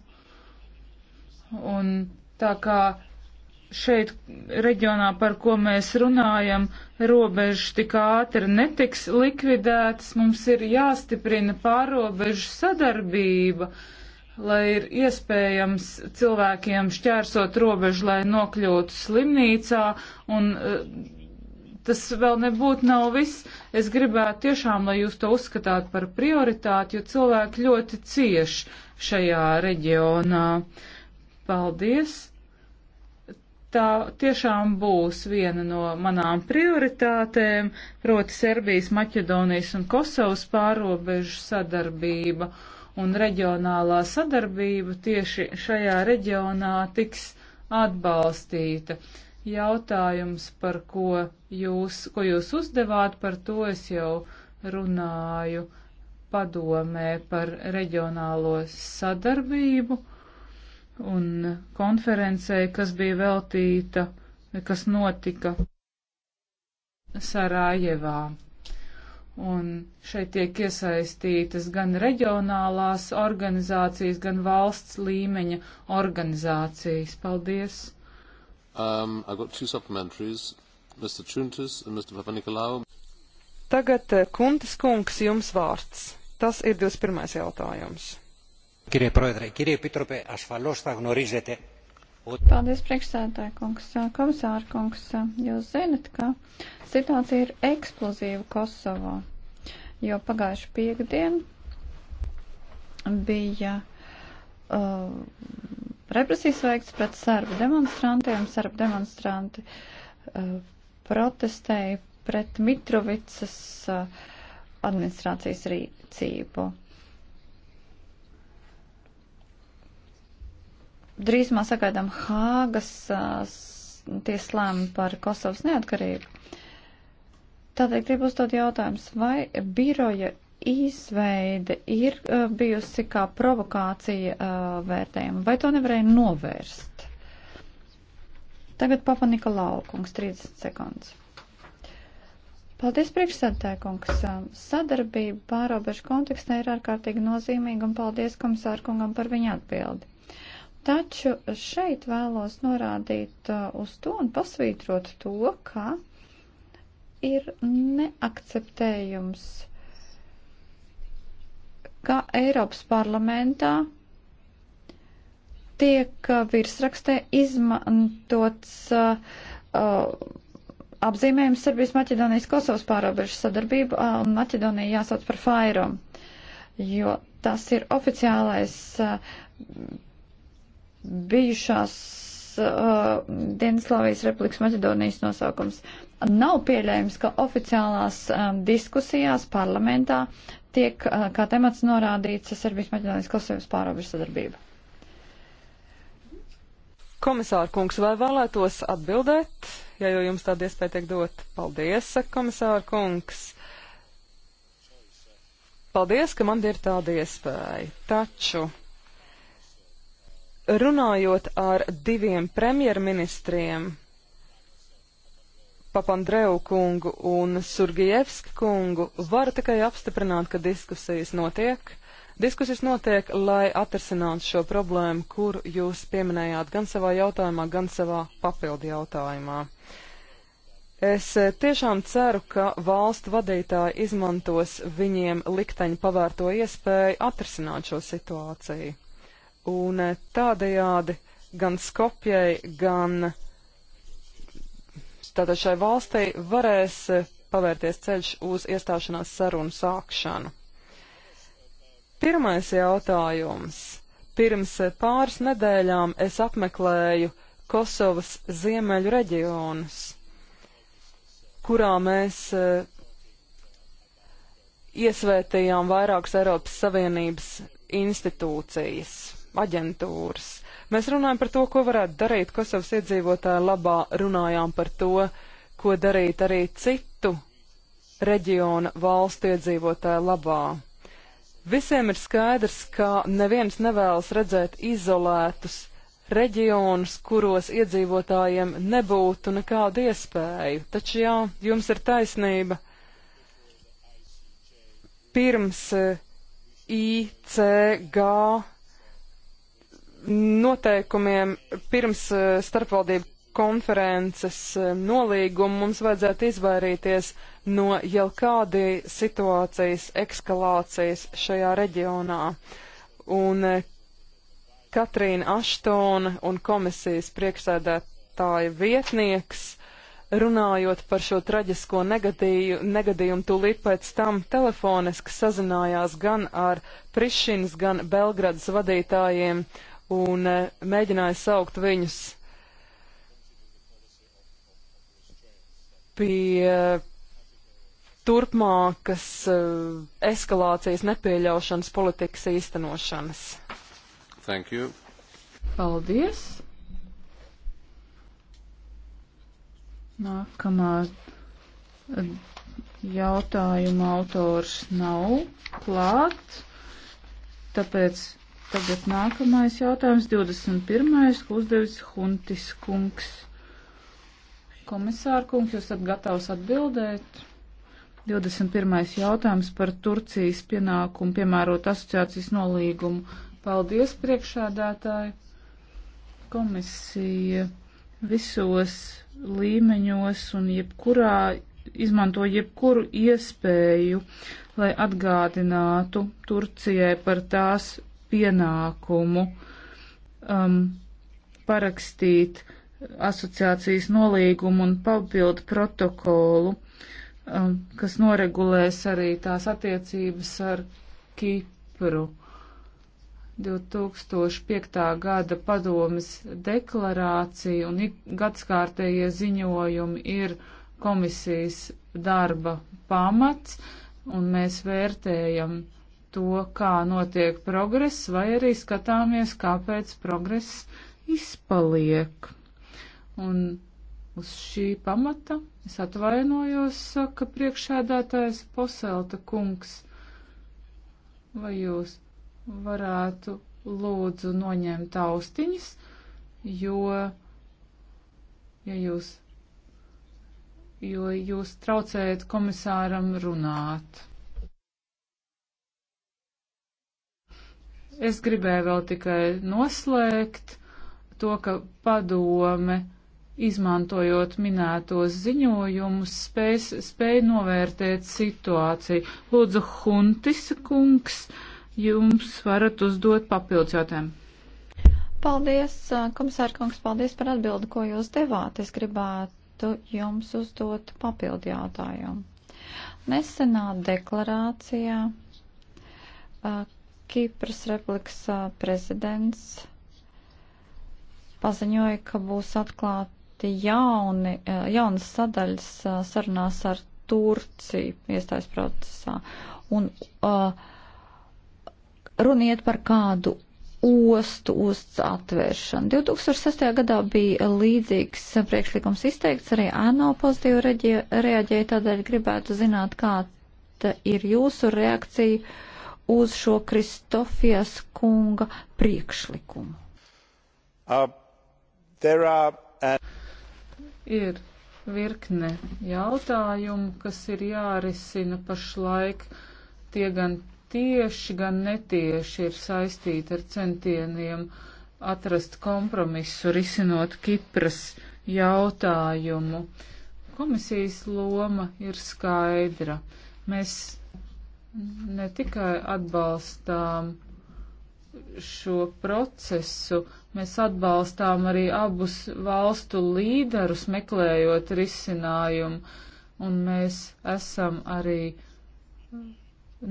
Un tā kā šeit reģionā, par ko mēs runājam, robežas tik ātri netiks likvidētas, mums ir jāstiprina pārobežu sadarbība lai ir iespējams cilvēkiem šķērsot robežu, lai nokļūtu slimnīcā. Un, eh, tas vēl nebūtu nav viss. Es gribētu tiešām, lai jūs to uzskatāt par prioritāti, jo cilvēki ļoti cieš šajā reģionā. Paldies! Tā tiešām būs viena no manām prioritātēm, proti Serbijas, Maķedonijas un Kosovas pārobežu sadarbība. Uh, un reģionālā sadarbība tieši šajā reģionā tiks atbalstīta. Jautājums, par ko jūs, ko jūs uzdevāt, par to es jau runāju padomē par reģionālo sadarbību un konferencē, kas bija veltīta, kas notika Sarajevā. Un šeit tiek iesaistītas gan reģionālās organizācijas, gan valsts līmeņa organizācijas. Paldies! Um, Tagad eh, Kuntas kungs jums vārds. Tas ir 21. jautājums. Kirie proedre, kirie pitrope, asfalos tā gnorizete. Paldies, priekšsēdētāji kungs. Eh, komisāra kungs, eh, jūs zinat, ka situācija ir eksplozīva Kosovā jo pagājuši piekdien bija uh, represijas veikts pret serbu demonstrantiem. Serbu demonstranti uh, protestēja pret Mitrovicas uh, administrācijas rīcību. Drīzumā sagaidām Hāgas uh, tieslēmu par Kosovas neatkarību. Tādēļ gribu uzdot jautājums, vai biroja izveide ir uh, bijusi kā provokācija uh, eh, vērtējuma, vai to nevarēja novērst? Tagad Papa Nikolau, kungs, 30 sekundes. Paldies, priekšsēdētāj, kungs. Ehm, sadarbība pārobežu kontekstā ir ārkārtīgi nozīmīga, un paldies komisārkungam par viņa atbildi. Taču šeit vēlos norādīt eh, uz to un pasvītrot to, ka ir neakceptējums, ka Eiropas parlamentā tiek virsrakstē izmantots uh, uh apzīmējums Serbijas Maķedonijas Kosovas pārobežu sadarbību uh, un Maķedonija jāsauc par fairom, jo tas ir oficiālais uh, bijušās uh, Dienaslavijas Republikas Maķedonijas nosaukums. Nav pieļējums, ka oficiālās um, diskusijās parlamentā tiek uh, kā temats norādīts Serbijas Maķedonijas Kosovas pārobežu sadarbība. Komisāra kungs, vai vēlētos atbildēt, ja jau jums tāda iespēja tiek dot? Paldies, saka komisāra kungs. Paldies, ka man ir tāda iespēja. Taču, runājot ar diviem premjerministriem, Papandreju kungu un Surgievski kungu, varu tikai apstiprināt, ka diskusijas notiek. Diskusijas notiek, lai atrisinātu šo problēmu, kuru jūs pieminējāt gan savā jautājumā, gan savā papildu jautājumā. Es e, tiešām ceru, ka valstu vadītāji izmantos viņiem likteņu pavērto iespēju atrisināt šo situāciju. Un e, tādējādi gan Skopjai, gan tātad šai valstī varēs e, pavērties ceļš uz iestāšanās sarunu sākšanu. Pirmais jautājums. Pirms e, pāris nedēļām es apmeklēju Kosovas ziemeļu reģionus, kurā mēs e, iesvētījām vairākas Eiropas Savienības institūcijas, aģentūras. Mēs runājam par to, ko varētu darīt Kosovas iedzīvotāju labā, runājām par to, ko darīt arī citu reģiona valstu iedzīvotāju labā. Visiem ir skaidrs, ka neviens nevēlas redzēt izolētus reģionus, kuros iedzīvotājiem nebūtu nekādu iespēju. Taču jā, jums ir taisnība. Pirms eh, ICG noteikumiem pirms eh, starpvaldību konferences eh, nolīgumu mums vajadzētu izvairīties no jau kādī situācijas ekskalācijas šajā reģionā. Un eh, Katrīna Aštona un komisijas priekšsēdētāja vietnieks runājot par šo traģisko negadīju, negadījumu, tūlīt pēc tam telefoniski sazinājās gan ar Prišinas, gan Belgradas vadītājiem. Uh, un eh, mēģināja saukt viņus pie turpmākas eh, eskalācijas nepieļaušanas politikas īstenošanas. Thank you. Paldies. Nākamā eh, jautājuma autors nav klāt, tāpēc Tagad nākamais jautājums, 21. ko uzdevis Huntis kungs. Komisāra kungs, jūs esat gatavs atbildēt? 21. jautājums par Turcijas pienākumu piemērot asociācijas nolīgumu. Paldies, priekšādātāji! Komisija visos līmeņos un jebkurā izmanto jebkuru iespēju, lai atgādinātu Turcijai par tās pienākumu um, parakstīt asociācijas nolīgumu un papildu protokolu, um, kas noregulēs arī tās attiecības ar Kipru. 2005. gada padomas deklarācija un gadskārtējie ziņojumi ir komisijas darba pamats, un mēs vērtējam uh, to, kā notiek progress, vai arī skatāmies, kāpēc progress izpaliek. Un uz šī pamata es atvainojos, saka priekšēdētājs Poselta kungs, vai jūs varētu lūdzu noņemt austiņas, jo, ja jūs, jo jūs traucējat komisāram runāt. Es gribēju vēl tikai noslēgt to, ka padome, izmantojot minētos ziņojumus, spēj, spēj novērtēt situāciju. Lūdzu, Huntis kungs, jums varat uzdot papildus jautājumu. Paldies, komisāra kungs, paldies par atbildi, ko jūs devāt. Es gribētu jums uzdot papildu jautājumu. Nesenā deklarācijā Kīpras Republikas prezidents paziņoja, ka būs atklāti jauni, jaunas sadaļas sarunās ar Turciju iestājas procesā. Un uh, runiet par kādu ostu osts atvēršanu. 2006. gadā bija līdzīgs priekšlikums izteikts, arī ANO pozitīvi reaģēja, tādēļ gribētu zināt, kāda ir jūsu reakcija uz šo Kristofijas kunga priekšlikumu? Uh, are, uh... Ir virkne jautājumu, kas ir jārisina pašlaik. Tie gan tieši, gan netieši ir saistīti ar centieniem atrast kompromisu, risinot Kipras jautājumu. Komisijas loma ir skaidra. Mēs ne tikai atbalstām šo procesu, mēs atbalstām arī abus valstu līderus meklējot risinājumu, un mēs esam arī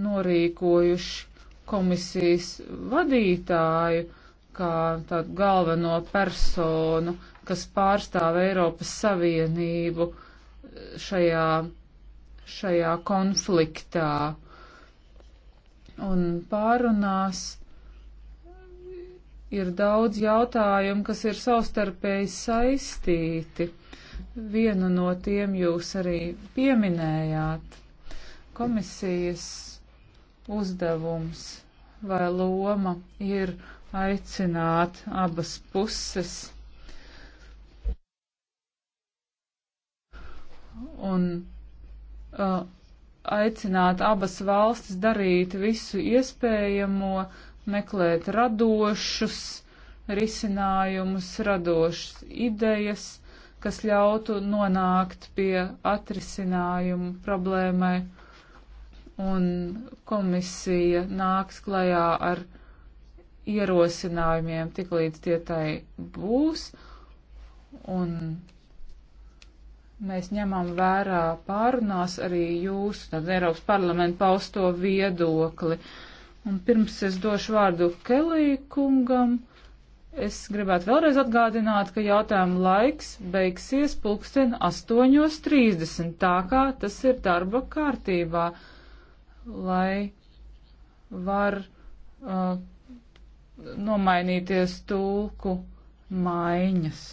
norīkojuši komisijas vadītāju kā tādu galveno personu, kas pārstāv Eiropas Savienību šajā, šajā konfliktā un pārunās ir daudz jautājumu, kas ir savstarpēji saistīti. Vienu no tiem jūs arī pieminējāt. Komisijas uzdevums vai loma ir aicināt abas puses. Un uh, aicināt abas valstis darīt visu iespējamo, meklēt radošus risinājumus, radošas idejas, kas ļautu nonākt pie atrisinājumu problēmai. Un komisija nāks klajā ar ierosinājumiem, tiklīdz tie tai būs. Un Mēs ņemam vērā pārunās arī jūsu, tad Eiropas parlamentu pausto viedokli. Un pirms es došu vārdu Kelī kungam, es gribētu vēlreiz atgādināt, ka jautājumu laiks beigsies pulksten 8.30, tā kā tas ir darba kārtībā, lai var uh, nomainīties tulku maiņas.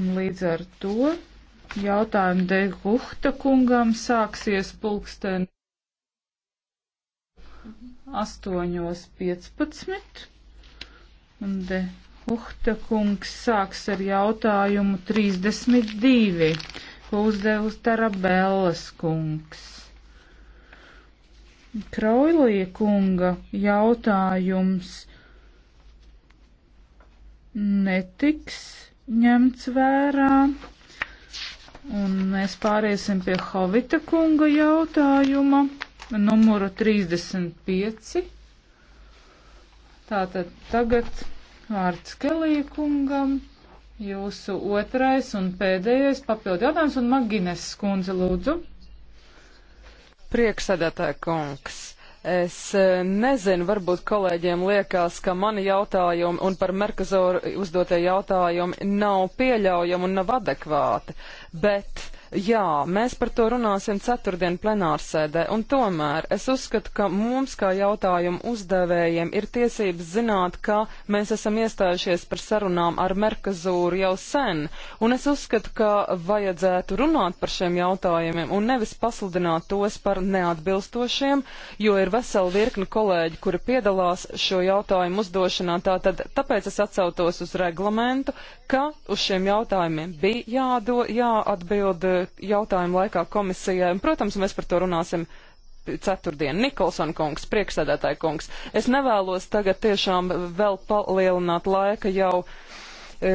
Un līdz ar to Jautājumi De Guhta kungam sāksies pulksten 8.15. Un De Guhta kungs sāks ar jautājumu 32, ko uzdevusi Tarabellas kungs. Kraujlie kunga jautājums netiks ņemts vērā. Un mēs pāriesim pie Havita kunga jautājuma, numuru 35. Tātad tagad vārds Kelija kungam, jūsu otrais un pēdējais papildu jautājums, un Magines skundze lūdzu. Prieksēdētāja kungs. Es eh, nezinu, varbūt kolēģiem liekas, ka mani jautājumi un par Merkazoru uzdotie jautājumi nav pieļaujami un nav adekvāti, bet Jā, mēs par to runāsim ceturtdien plenārsēdē, un tomēr es uzskatu, ka mums kā jautājumu uzdevējiem ir tiesības zināt, ka mēs esam iestājušies par sarunām ar Merkazūru jau sen, un es uzskatu, ka vajadzētu runāt par šiem jautājumiem un nevis pasludināt tos par neatbilstošiem, jo ir vesela virkni kolēģi, kuri piedalās šo jautājumu uzdošanā, tātad tāpēc es atsautos uz reglamentu, ka uz šiem jautājumiem bija jādo, jāatbild jautājumu laikā komisijai. Protams, mēs par to runāsim ceturtdien. Nikolson kungs, priekšsēdētāja kungs, es nevēlos tagad tiešām vēl palielināt laika jau uh, E,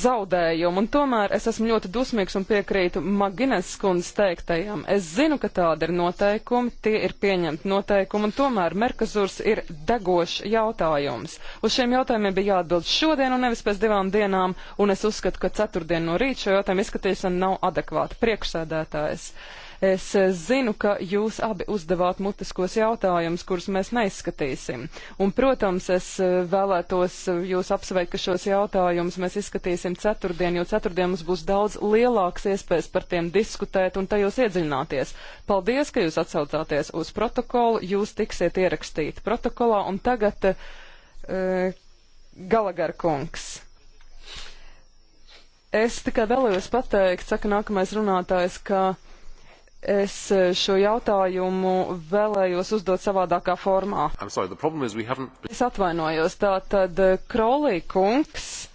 zaudējumu, un tomēr es esmu ļoti dusmīgs un piekrītu Magines skundas teiktajam. Es zinu, ka tāda ir noteikumi, tie ir pieņemti noteikumi, un tomēr Merkazurs ir degošs jautājums. Uz šiem jautājumiem bija jāatbild šodien un nevis pēc divām dienām, un es uzskatu, ka ceturtdien no rīta šo jautājumu izskatīšana nav adekvāta. Priekšsēdētājs. Uh, Es zinu, ka jūs abi uzdevāt mutiskos jautājumus, kurus mēs neizskatīsim. Un, protams, es vēlētos jūs apsveikt, ka šos jautājumus mēs izskatīsim ceturtdien, jo ceturtdien mums būs daudz lielāks iespējas par tiem diskutēt un tajos iedziļināties. Paldies, ka jūs atsaucāties uz protokolu. Jūs tiksiet ierakstīti protokolā. Un tagad. Uh, e, Galagar kungs. Es tikai vēlējos pateikt, saka nākamais runātājs, ka Es e, šo jautājumu vēlējos uzdot savādākā formā. I'm sorry, haven't... Es atvainojos, tā tad e, Krolī kungs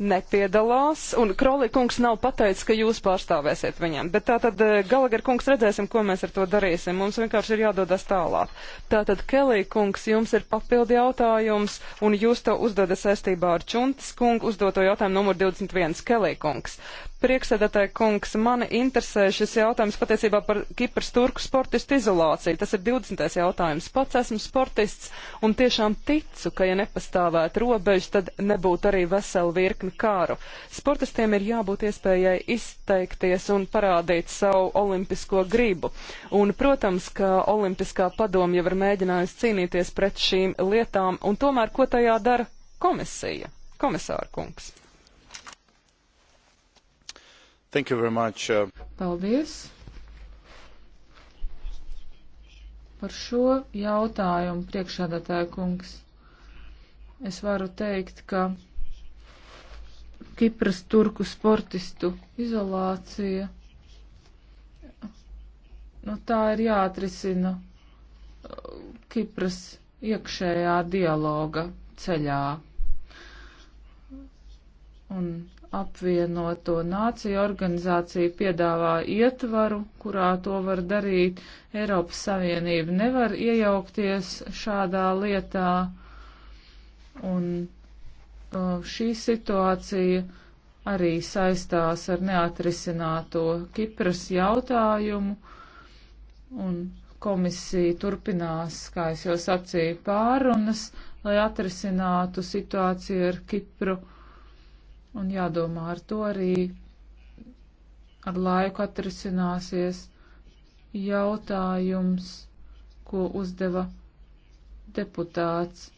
nepiedalās, un Krolī kungs nav pateicis, ka jūs pārstāvēsiet viņam. Bet tā tad e, Galagar kungs redzēsim, ko mēs ar to darīsim. Mums vienkārši ir jādodas tālāk. Tā tad Kelī kungs, jums ir papildi jautājums, un jūs to uzdodat saistībā ar Čuntis kungu uzdoto jautājumu numur 21. Kelī kungs. Prieksēdētāji kungs, mani interesē šis jautājums patiesībā par Kipras turku sportistu izolāciju. Tas ir 20. jautājums. Pats esmu sportists un tiešām ticu, ka ja nepastāvētu robežas, tad nebūtu arī vesela virkni kāru. Sportistiem ir jābūt iespējai izteikties un parādīt savu olimpisko gribu. Un, protams, ka Olimpiskā padomja jau ir mēģinājusi cīnīties pret šīm lietām, un tomēr ko tajā dara komisija? Komisāra kungs. Thank you very much. Uh, Paldies par šo jautājumu, priekšādātāja kungs. Es varu teikt, ka Kipras turku sportistu izolācija, nu tā ir jāatrisina uh, Kipras iekšējā dialoga ceļā. Un apvienoto nāciju organizācija piedāvā ietvaru, kurā to var darīt. Eiropas Savienība nevar iejaukties šādā lietā. Un uh, šī situācija arī saistās ar neatrisināto Kipras jautājumu. Un komisija turpinās, kā es jau sacīju, pārunas, lai atrisinātu situāciju ar Kipru Un jādomā ar to arī ar laiku atrisināsies jautājums, ko uzdeva deputāts.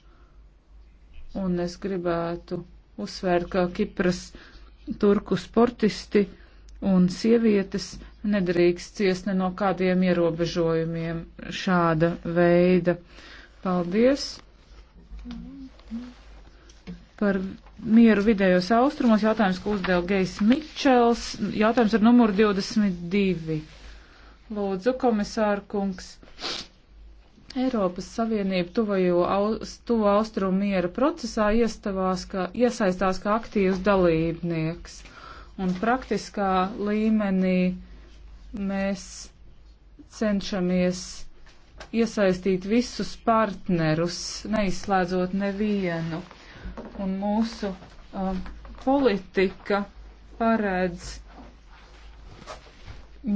Un es gribētu uzsvērt, ka Kipras turku sportisti un sievietes nedrīkst ciest ne no kādiem ierobežojumiem šāda veida. Paldies! Mm-hmm par mieru vidējos austrumos. Jautājums, ko uzdeva Gejs Mičels. Jautājums ar numuru 22. Lūdzu, komisārkungs. Eiropas Savienība tuvajo aus, tuvo austrumu miera procesā kā, iesaistās kā aktīvs dalībnieks. Un praktiskā līmenī mēs cenšamies iesaistīt visus partnerus, neizslēdzot nevienu un mūsu um, politika paredz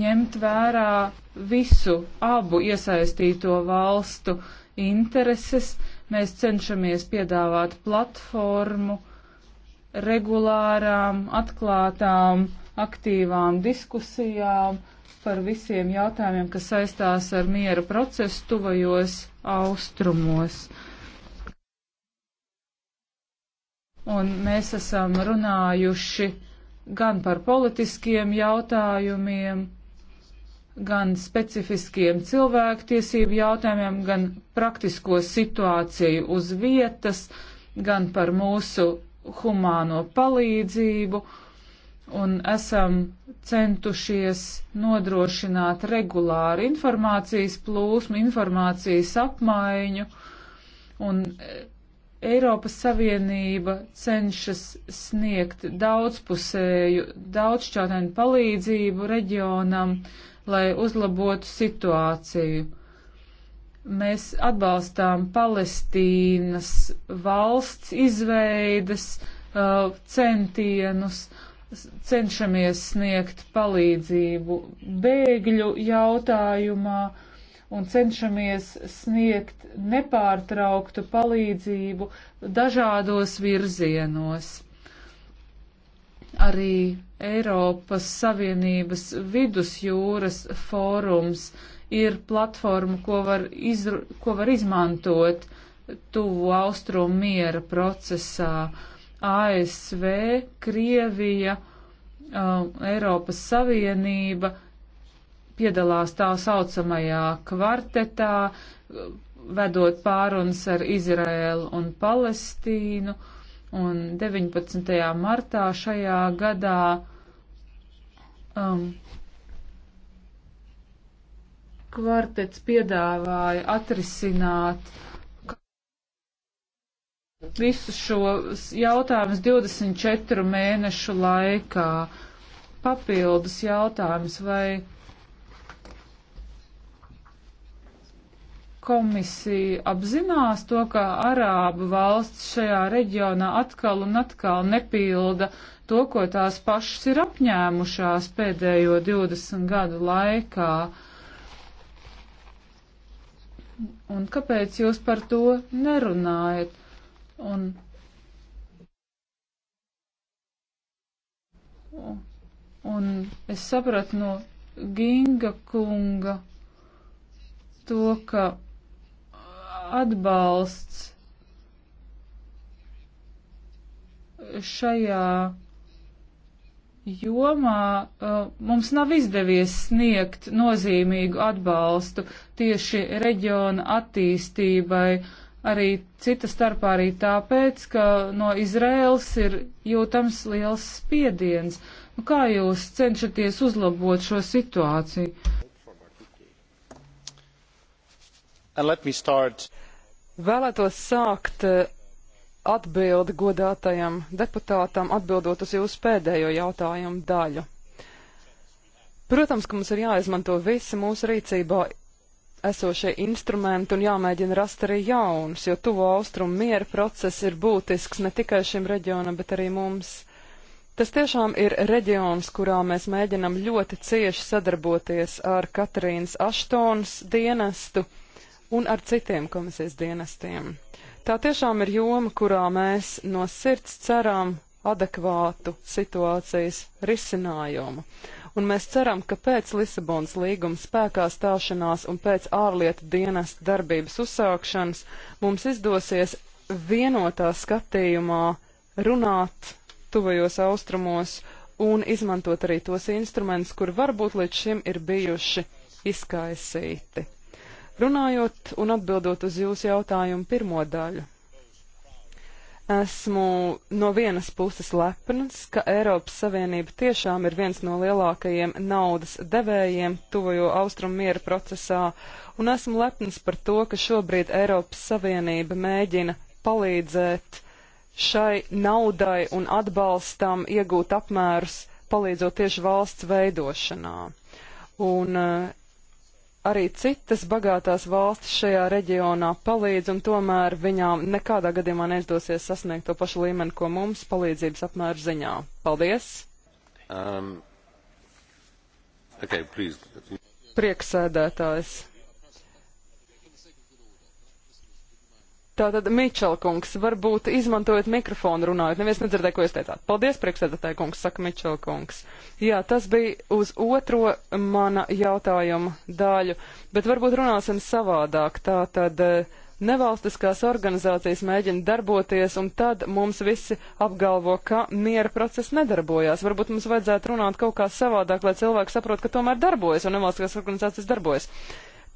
ņemt vērā visu abu iesaistīto valstu intereses. Mēs cenšamies piedāvāt platformu regulārām, atklātām, aktīvām diskusijām par visiem jautājumiem, kas saistās ar miera procesu tuvajos austrumos. un mēs esam runājuši gan par politiskiem jautājumiem, gan specifiskiem cilvēktiesību jautājumiem, gan praktisko situāciju uz vietas, gan par mūsu humāno palīdzību un esam centušies nodrošināt regulāru informācijas plūsmu, informācijas apmaiņu un e, Eiropas Savienība cenšas sniegt daudzpusēju, daudzšķautēnu palīdzību reģionam, lai uzlabotu situāciju. Mēs atbalstām Palestīnas valsts izveidas uh, centienus, cenšamies sniegt palīdzību bēgļu jautājumā un cenšamies sniegt nepārtrauktu palīdzību dažādos virzienos. Arī Eiropas Savienības vidusjūras fórums ir platforma, ko var, izru, ko var izmantot tuvu austrumu miera procesā. ASV, Krievija, uh, Eiropas Savienība piedalās tā saucamajā kvartetā, vedot pārunas ar Izraēlu un Palestīnu, un 19. martā šajā gadā um, kvartets piedāvāja atrisināt visus šos jautājumus 24 mēnešu laikā. Papildus jautājums, vai komisija apzinās to, ka Arābu valsts šajā reģionā atkal un atkal nepilda to, ko tās pašas ir apņēmušās pēdējo 20 gadu laikā. Un kāpēc jūs par to nerunājat? Un, un es sapratu no Ginga kunga to, ka atbalsts šajā jomā uh, mums nav izdevies sniegt nozīmīgu atbalstu tieši reģiona attīstībai, arī cita starpā arī tāpēc, ka no Izraels ir jūtams liels spiediens. Nu, kā jūs cenšaties uzlabot šo situāciju? Vēlētos sākt eh, atbildi godātajam deputātam, atbildot uz jūsu pēdējo jautājumu daļu. Protams, ka mums ir jāizmanto visi mūsu rīcībā esošie instrumenti un jāmēģina rast arī jaunus, jo tuvo austrumu miera process ir būtisks ne tikai šim reģionam, bet arī mums. Tas tiešām ir reģions, kurā mēs mēģinam ļoti cieši sadarboties ar Katrīnas Aštons dienestu un ar citiem komisijas dienestiem. Tā tiešām ir joma, kurā mēs no sirds ceram adekvātu situācijas risinājumu. Un mēs ceram, ka pēc Lisabonas līguma spēkā stāšanās un pēc ārlietu dienesta darbības uzsākšanas mums izdosies vienotā skatījumā runāt tuvajos austrumos un izmantot arī tos instrumentus, kur varbūt līdz šim ir bijuši izkaisīti. Runājot un atbildot uz jūsu jautājumu pirmo daļu. Esmu no vienas puses lepns, ka Eiropas Savienība tiešām ir viens no lielākajiem naudas devējiem tuvojo austrumu miera procesā, un esmu lepns par to, ka šobrīd Eiropas Savienība mēģina palīdzēt šai naudai un atbalstam iegūt apmērus, palīdzot tieši valsts veidošanā. Un uh, arī citas bagātās valstis šajā reģionā palīdz, un tomēr viņām nekādā gadījumā neizdosies sasniegt to pašu līmeni, ko mums palīdzības apmēru ziņā. Paldies! Um, okay, please. Prieksēdētājs. Tātad, Mičelkungs, varbūt izmantojot mikrofonu runājot, neviens nedzirdēja, ko jūs teicāt. Paldies, priekšsēdētāji kungs, saka Mičelkungs. Jā, tas bija uz otro mana jautājuma daļu, bet varbūt runāsim savādāk. Tātad, eh, nevalstiskās organizācijas mēģina darboties, un tad mums visi apgalvo, ka miera process nedarbojās. Varbūt mums vajadzētu runāt kaut kā savādāk, lai cilvēki saprot, ka tomēr darbojas, un nevalstiskās organizācijas darbojas.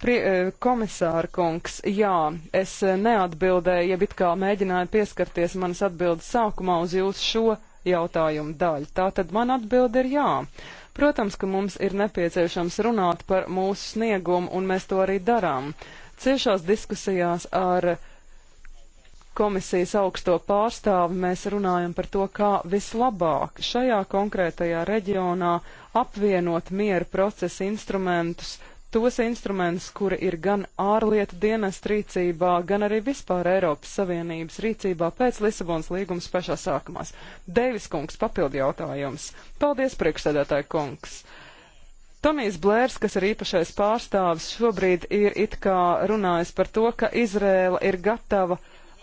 Prie, komisāra kungs, jā, es e, neatbildēju, jeb it kā mēģināju pieskarties manas atbildes sākumā uz jūsu šo jautājumu daļu. Tā tad man atbilde ir jā. Protams, ka mums ir nepieciešams runāt par mūsu sniegumu, un mēs to arī darām. Ciešās diskusijās ar komisijas augsto pārstāvi mēs runājam par to, kā vislabāk šajā konkrētajā reģionā apvienot miera procesa instrumentus tos instrumentus, kuri ir gan ārlietu dienas rīcībā, gan arī vispār Eiropas Savienības rīcībā pēc Lisabonas līguma pašā sākumās. Deivis kungs, papildi jautājums. Paldies, priekšsēdētāji kungs. Tomijs Blērs, kas ir īpašais pārstāvis, šobrīd ir it kā runājis par to, ka Izrēla ir gatava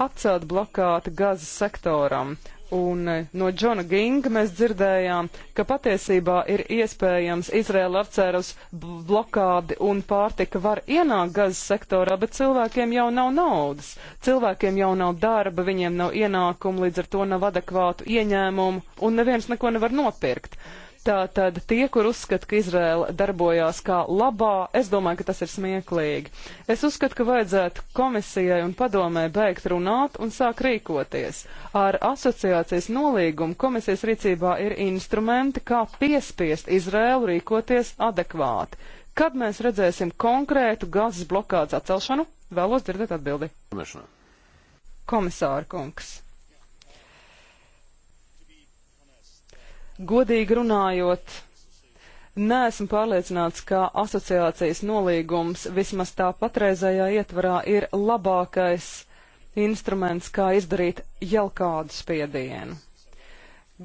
atcelt blokāti gazas sektoram. Un eh, no Džona Ginga mēs dzirdējām, ka patiesībā ir iespējams Izraela apcērus blokādi un pārtika var ienākt gazas sektorā, bet cilvēkiem jau nav naudas, cilvēkiem jau nav darba, viņiem nav ienākumu, līdz ar to nav adekvātu ieņēmumu un neviens neko nevar nopirkt. Uh, Tātad tie, kur uzskata, ka Izraela darbojās kā labā, es domāju, ka tas ir smieklīgi. Es uzskatu, ka vajadzētu komisijai un padomē beigt runāt un sāk rīkoties. Ar asociācijas nolīgumu komisijas rīcībā ir instrumenti, kā piespiest Izraelu rīkoties adekvāti. Kad mēs redzēsim konkrētu gazas blokādes atcelšanu, vēlos dzirdēt atbildi. Komisāra kungs. Godīgi runājot, neesmu pārliecināts, ka asociācijas nolīgums vismaz tā patreizējā ietvarā ir labākais instruments, kā izdarīt jau kādu spiedienu.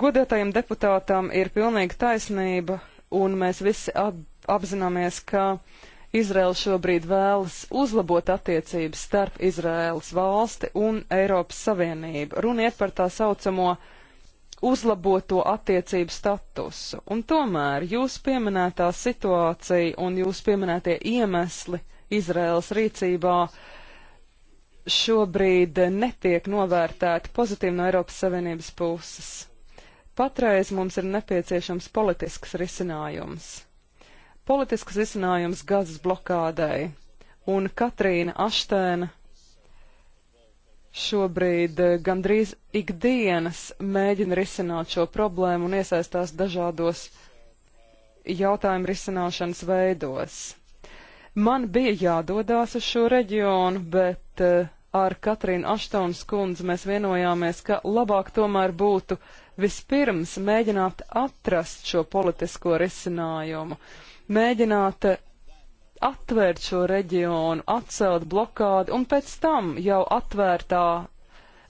Godētajam deputātam ir pilnīga taisnība, un mēs visi ap, apzināmies, ka Izraela šobrīd vēlas uzlabot attiecības starp Izraēlas valsti un Eiropas Savienību. Runiet par tā saucamo uzlaboto attiecību statusu. Un tomēr jūs pieminētā situācija un jūs pieminētie iemesli Izraels rīcībā šobrīd netiek novērtēti pozitīvi no Eiropas Savienības puses. Patreiz mums ir nepieciešams politisks risinājums. Politisks risinājums gazas blokādai, un Katrīna Aštēna šobrīd eh, gandrīz ikdienas mēģina risināt šo problēmu un iesaistās dažādos jautājumu risināšanas veidos. Man bija jādodās uz šo reģionu, bet eh, ar Katrīnu Aštons kundzi mēs vienojāmies, ka labāk tomēr būtu vispirms mēģināt atrast šo politisko risinājumu, mēģināt eh, atvērt šo reģionu, atcelt blokādi un pēc tam jau atvērtā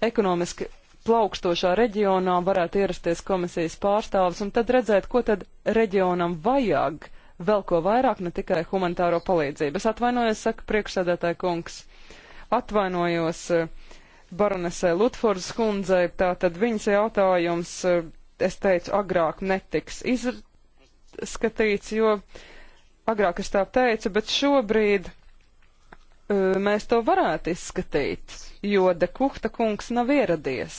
ekonomiski plaukstošā reģionā varētu ierasties komisijas pārstāvis un tad redzēt, ko tad reģionam vajag vēl ko vairāk, ne tikai humanitāro palīdzību. Es atvainojos, saka priekšsēdētāja kungs. Atvainojos eh, baronesē Lutfordas kundzei, tā tad viņas jautājums, eh, es teicu, agrāk netiks izskatīts, jo uh, agrāk es tā teicu, bet šobrīd uh, mēs to varētu izskatīt, jo de Kuhta kungs nav ieradies.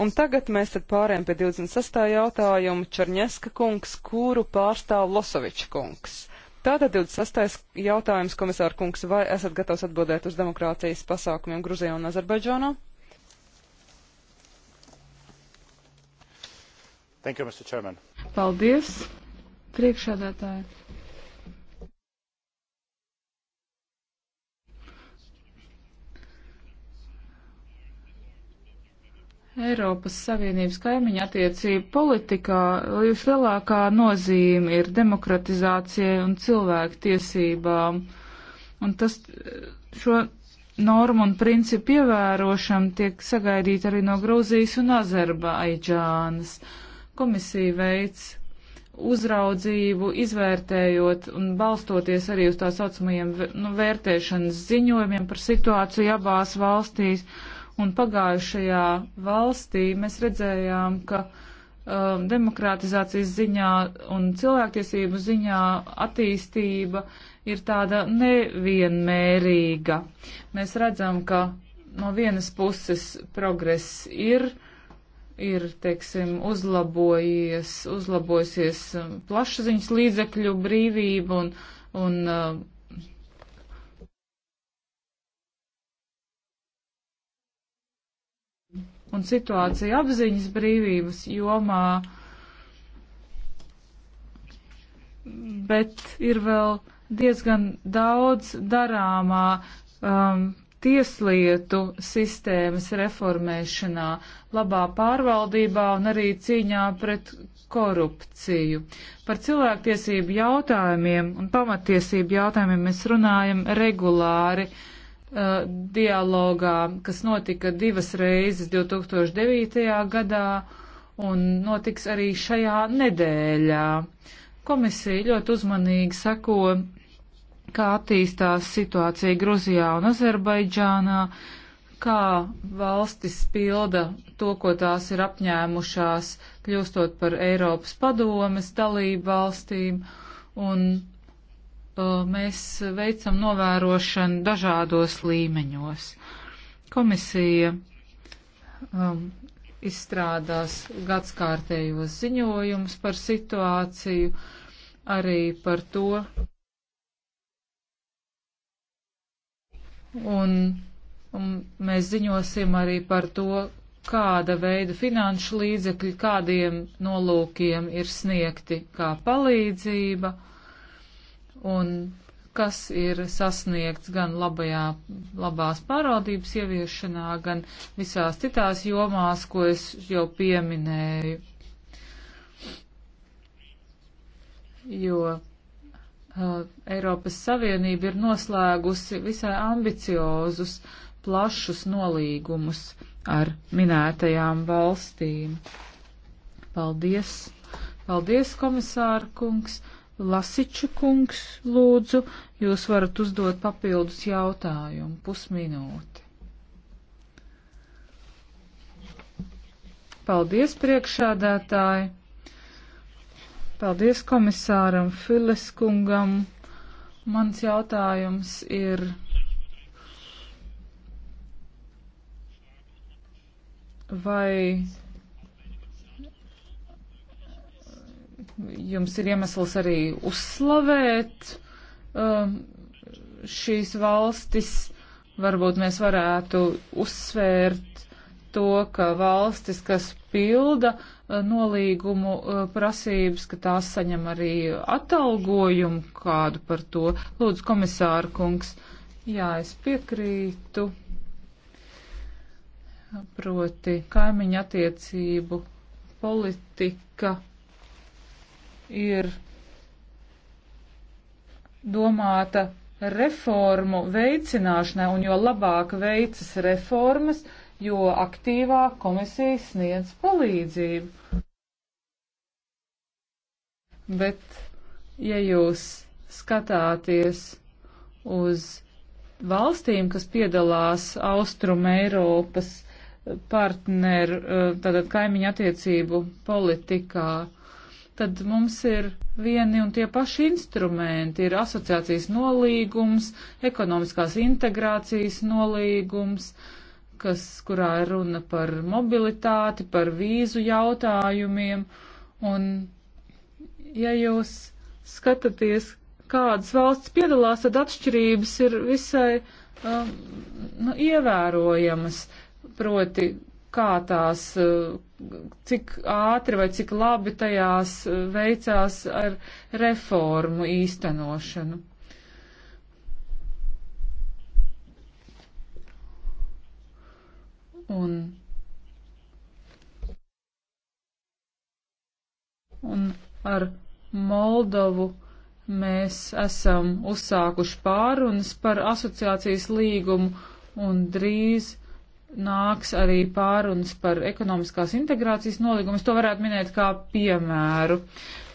Un tagad mēs tad pārējām pie 26. jautājuma Černieska kungs, kuru pārstāv Losoviča kungs. Tātad 26. jautājums, komisāra kungs, vai esat gatavs atbildēt uz demokrātijas pasākumiem Gruzijā un Azerbaidžānā? Thank you, Mr. Chairman. Paldies, priekšādātāji. Eiropas Savienības kaimiņa attiecību politikā vislielākā nozīme ir demokratizācijai un cilvēku tiesībām. Un tas šo normu un principu ievērošam tiek sagaidīt arī no Grūzijas un Azerbaidžānas. Komisija veids uzraudzību, izvērtējot un balstoties arī uz tā saucamajiem nu, vērtēšanas ziņojumiem par situāciju abās valstīs. Uh, Un pagājušajā valstī mēs redzējām, ka um, demokratizācijas ziņā un cilvēktiesību ziņā attīstība ir tāda nevienmērīga. Mēs redzam, ka no vienas puses progress ir, ir, teiksim, uzlabojies, uzlabojusies um, plašsaziņas līdzekļu brīvība un, un uh, un situācija apziņas brīvības jomā, bet ir vēl diezgan daudz darāmā um, tieslietu sistēmas reformēšanā, labā pārvaldībā un arī cīņā pret korupciju. Par cilvēktiesību jautājumiem un pamatiesību jautājumiem mēs runājam regulāri. Uh, Uh, dialogā, kas notika divas reizes 2009. gadā un notiks arī šajā nedēļā. Komisija ļoti uzmanīgi sako, kā attīstās situācija Gruzijā un Azerbaidžānā, kā valstis pilda to, ko tās ir apņēmušās, kļūstot par Eiropas padomes dalību valstīm, un mēs veicam novērošanu dažādos līmeņos. Komisija um, izstrādās gadskārtējos ziņojumus par situāciju, arī par to. Un, un mēs ziņosim arī par to, kāda veida finanšu līdzekļi, kādiem nolūkiem ir sniegti kā palīdzība un kas ir sasniegts gan labajā, labās pārvaldības ieviešanā, gan visās citās jomās, ko es jau pieminēju. Jo uh, Eiropas Savienība ir noslēgusi visai ambiciozus, plašus nolīgumus ar minētajām valstīm. Paldies! Paldies, komisāra kungs! Lasiča kungs, lūdzu, jūs varat uzdot papildus jautājumu pusminūti. Paldies priekšādātāji, paldies komisāram Files kungam. Mans jautājums ir. Vai jums ir iemesls arī uzslavēt um, šīs valstis. Varbūt mēs varētu uzsvērt to, ka valstis, kas pilda uh, nolīgumu uh, prasības, ka tās saņem arī atalgojumu kādu par to. Lūdzu, komisāra kungs, jā, es piekrītu. Proti, kaimiņa attiecību politika ir domāta reformu veicināšanai, un jo labāk veicas reformas, jo aktīvāk komisija sniedz palīdzību. Bet, ja jūs skatāties uz valstīm, kas piedalās Austrum Eiropas partneru, eh, tātad kaimiņu attiecību politikā, tad mums ir vieni un tie paši instrumenti. Ir asociācijas nolīgums, ekonomiskās integrācijas nolīgums, kas, kurā ir runa par mobilitāti, par vīzu jautājumiem. Un, ja jūs skatāties, kādas valsts piedalās, tad atšķirības ir visai um, nu, ievērojamas. Proti, kā tās, eh, cik ātri vai cik labi tajās eh, veicās ar reformu īstenošanu. Un, un ar Moldovu mēs esam uzsākuši pārunas par asociācijas līgumu un drīz nāks arī pārunas par ekonomiskās integrācijas nolīgumu. Es to varētu minēt kā piemēru.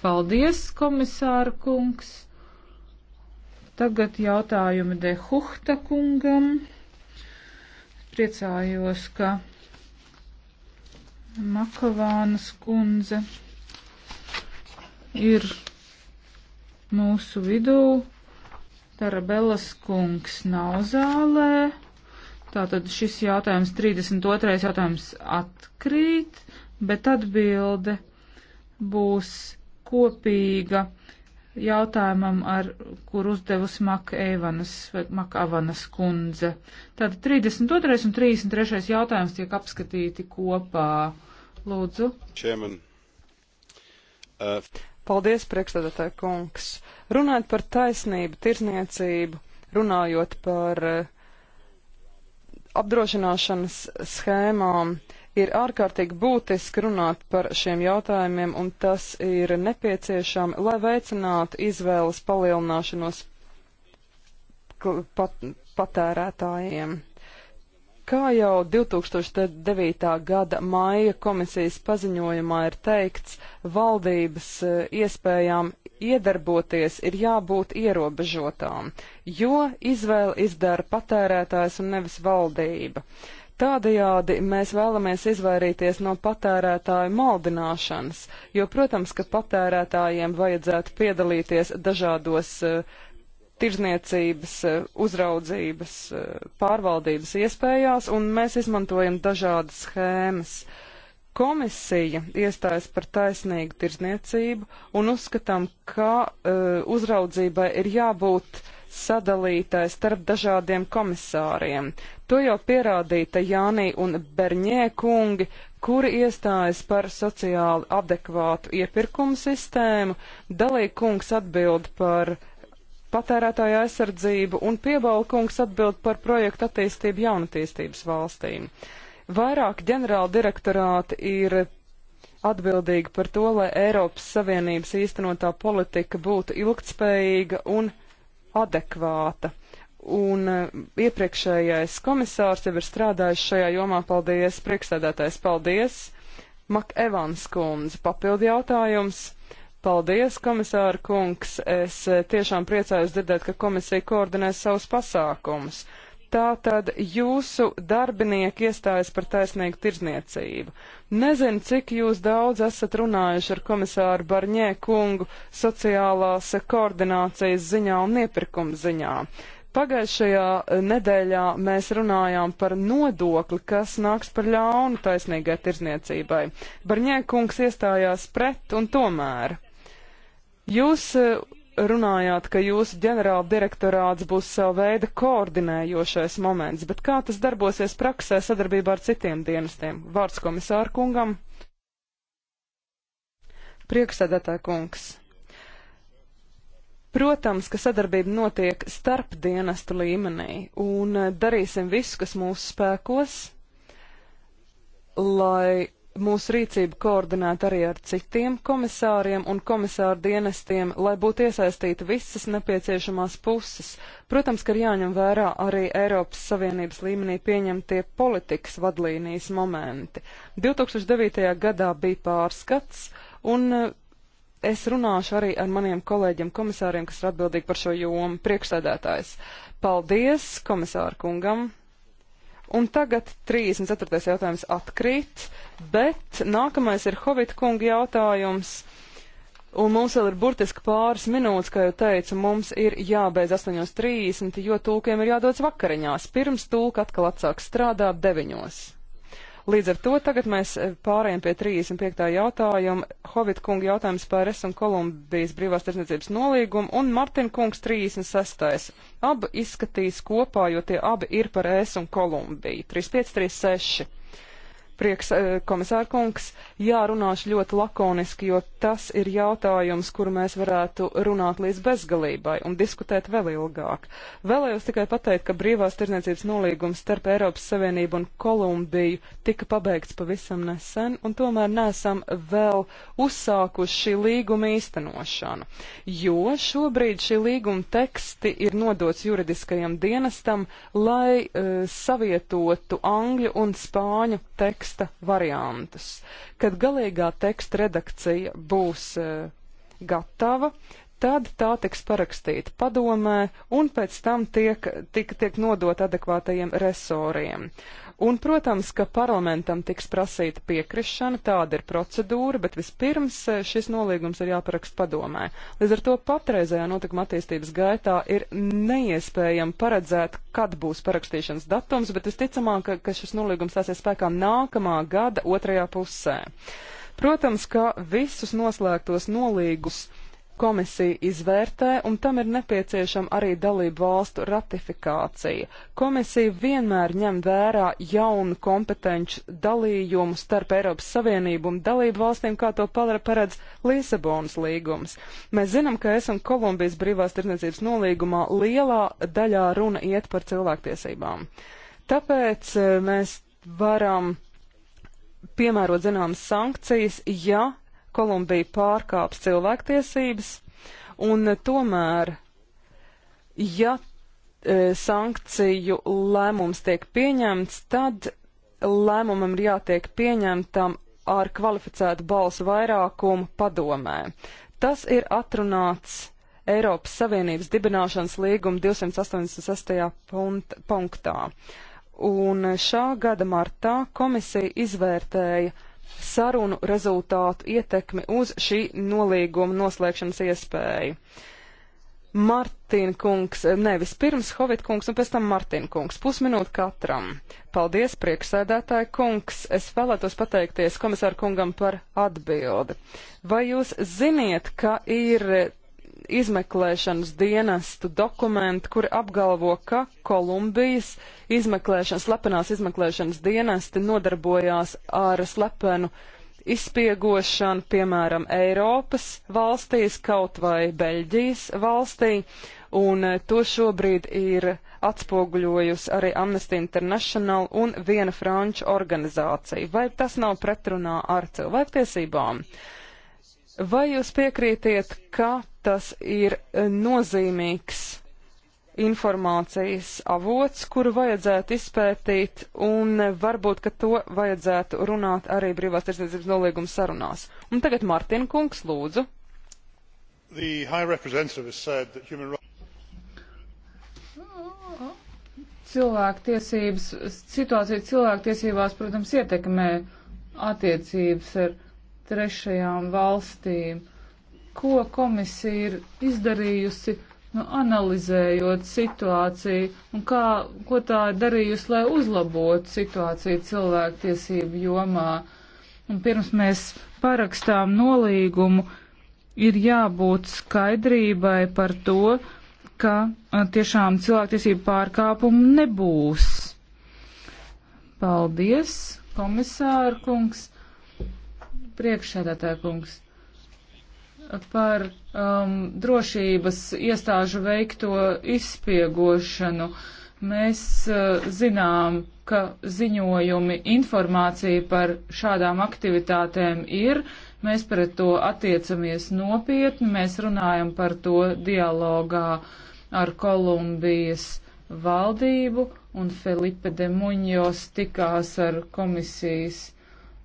Paldies, komisāra kungs. Tagad jautājumi De Huhta kungam. Priecājos, ka Makavānas kundze ir mūsu vidū. Tarabellas kungs nav zālē. Tātad šis jautājums, 32. jautājums atkrīt, bet atbilde būs kopīga jautājumam, ar, kur uzdevusi Makēvanas vai Makavanas kundze. Tātad 32. un 33. jautājums tiek apskatīti kopā. Lūdzu. Chairman. Uh. Paldies, priekšstādātāja kungs. Runājot par taisnību, tirzniecību, runājot par uh, apdrošināšanas schēmām ir ārkārtīgi būtiski runāt par šiem jautājumiem, un tas ir nepieciešami, lai veicinātu izvēles palielināšanos pat, patērētājiem. Kā jau 2009. gada maija komisijas paziņojumā ir teikts, valdības eh, iespējām iedarboties, ir jābūt ierobežotām, jo izvēle izdara patērētājs un nevis valdība. Tādējādi mēs vēlamies izvairīties no patērētāju maldināšanas, jo, protams, ka patērētājiem vajadzētu piedalīties dažādos uh, tirzniecības, eh, uzraudzības, eh, pārvaldības iespējās, un mēs izmantojam dažādas schēmas. Uh, Komisija iestājas par taisnīgu tirzniecību un uzskatām, ka uh, uzraudzībai ir jābūt sadalītai starp dažādiem komisāriem. To jau pierādīta Jānī un Berņē kungi, kuri iestājas par sociāli adekvātu iepirkumu sistēmu. Dalī kungs atbild par patērētāja aizsardzību un piebalkungs atbild par projektu attīstību jaunatīstības valstīm. Uh, Vairāk ģenerāla direktorāti ir atbildīgi par to, lai Eiropas Savienības īstenotā politika būtu ilgtspējīga un adekvāta. Un eh, iepriekšējais komisārs jau ir strādājis šajā jomā. Paldies, priekšsēdētājs, paldies! Makevans kundze, papildi jautājums. Paldies, komisāra kungs! Es eh, tiešām priecājos dzirdēt, ka komisija koordinēs savus pasākumus. Tātad jūsu darbinieki iestājas par taisnīgu tirzniecību. Nezinu, cik jūs daudz esat runājuši ar komisāru Barņē kungu sociālās koordinācijas ziņā un iepirkuma ziņā. Pagājušajā eh, nedēļā mēs runājām par nodokli, kas nāks par ļaunu taisnīgai tirzniecībai. Barņē kungs iestājās pret un tomēr. Jūs eh, runājāt, ka jūsu ģenerāla direktorāts būs sava veida koordinējošais moments, bet kā tas darbosies praksē sadarbībā ar citiem dienestiem? Vārds komisāra kungam. Prieksēdētāja kungs. Protams, ka sadarbība notiek starp dienestu līmenī, un darīsim visu, kas mūsu spēkos, lai mūsu rīcību koordinēt arī ar citiem komisāriem un komisāru dienestiem, lai būtu iesaistīti visas nepieciešamās puses. Protams, ka ir jāņem vērā arī Eiropas Savienības līmenī pieņemtie politikas vadlīnijas momenti. 2009. gadā bija pārskats, un eh, es runāšu arī ar maniem kolēģiem komisāriem, kas ir atbildīgi par šo jomu priekšsēdētājs. Paldies komisāru kungam! Un tagad 34. jautājums atkrīt, bet nākamais ir Hovita kunga jautājums. Un mums vēl ir burtiski pāris minūtes, kā jau teicu, mums ir jābeidz 8.30, jo tūkiem ir jādodas vakariņās. Pirms tūka atkal atsāk strādāt 9. .00. Līdz ar to tagad mēs eh, pārējām pie 35. jautājuma. Hovita kunga jautājums par es un Kolumbijas brīvās tirdzniecības nolīgumu un Martina kungs 36. Abi izskatīs kopā, jo tie abi ir par es un Kolumbiju. 3536. Prieks, eh, komisāra kungs, jārunāšu ļoti lakoniski, jo tas ir jautājums, kuru mēs varētu runāt līdz bezgalībai un diskutēt vēl ilgāk. Vēlējos tikai pateikt, ka brīvās tirdzniecības nolīgums starp Eiropas Savienību un Kolumbiju tika pabeigts pavisam nesen, un tomēr nesam vēl uzsākuši šī līguma īstenošanu, jo šobrīd šī līguma teksti ir nodots juridiskajam dienestam, lai uh, savietotu angļu un spāņu tekstu teksta variantus. Kad galīgā teksta redakcija būs eh, gatava, tad tā tiks parakstīta padomē un pēc tam tiek, tiek, tiek nodot adekvātajiem resoriem. Un, protams, ka parlamentam tiks prasīta piekrišana, tāda ir procedūra, bet vispirms eh, šis nolīgums ir jāparakst padomē. Līdz ar to patreizējā notikuma attīstības gaitā ir neiespējami paredzēt, kad būs parakstīšanas datums, bet visticamāk, ka, ka šis nolīgums stāsies spēkā nākamā gada otrajā pusē. Protams, ka visus noslēgtos nolīgus Komisija izvērtē, un tam ir nepieciešama arī dalību valstu ratifikācija. Komisija vienmēr ņem vērā jaunu kompetenci dalījumu starp Eiropas Savienību un dalību valstīm, kā to paredz Lisabonas līgums. Mēs zinām, ka esam Kolumbijas brīvās tirdzniecības nolīgumā lielā daļā runa iet par cilvēktiesībām. Tāpēc eh, mēs varam piemērot zināmas sankcijas, ja Kolumbija pārkāps cilvēktiesības, un tomēr, ja e, sankciju lēmums tiek pieņemts, tad lēmumam ir jātiek pieņemtam ar kvalificētu balsu vairākumu padomē. Tas ir atrunāts Eiropas Savienības dibināšanas līguma 286. punktā. Un šā gada martā komisija izvērtēja sarunu rezultātu ietekmi uz šī nolīguma noslēgšanas iespēju. Martin kungs, nevis pirms Hovit kungs un pēc tam Martin kungs. Pusminūte katram. Paldies, prieksēdētāji kungs. Es vēlētos pateikties komisāru kungam par atbildi. Vai jūs ziniet, ka ir izmeklēšanas dienestu dokumenti, kuri apgalvo, ka Kolumbijas izmeklēšanas, slepenās izmeklēšanas dienesti nodarbojās ar slepenu izspiegošanu, piemēram, Eiropas valstīs, kaut vai Beļģijas valstī, un to šobrīd ir atspoguļojusi arī Amnesty International un viena franču organizācija. Vai tas nav pretrunā ar cilvēktiesībām? Vai jūs piekrītiet, ka tas ir eh, nozīmīgs informācijas avots, kuru vajadzētu izpētīt, un eh, varbūt, ka to vajadzētu runāt arī brīvās tirsniecības nolīguma sarunās. Un tagad Martin Kungs, lūdzu. Human... Cilvēktiesības, situācija cilvēktiesībās, protams, ietekmē attiecības ar trešajām valstīm ko komisija ir izdarījusi, nu, analizējot situāciju un kā, ko tā ir darījusi, lai uzlabotu situāciju cilvēktiesību jomā. Un pirms mēs parakstām nolīgumu, ir jābūt skaidrībai par to, ka tiešām cilvēktiesību pārkāpumu nebūs. Paldies, komisāra kungs, priekšsēdētāja kungs par um, drošības iestāžu veikto izspiegošanu. Mēs uh, zinām, ka ziņojumi, informācija par šādām aktivitātēm ir, mēs pret to attiecamies nopietni, mēs runājam par to dialogā ar Kolumbijas valdību, un Felipe de Muņos tikās ar komisijas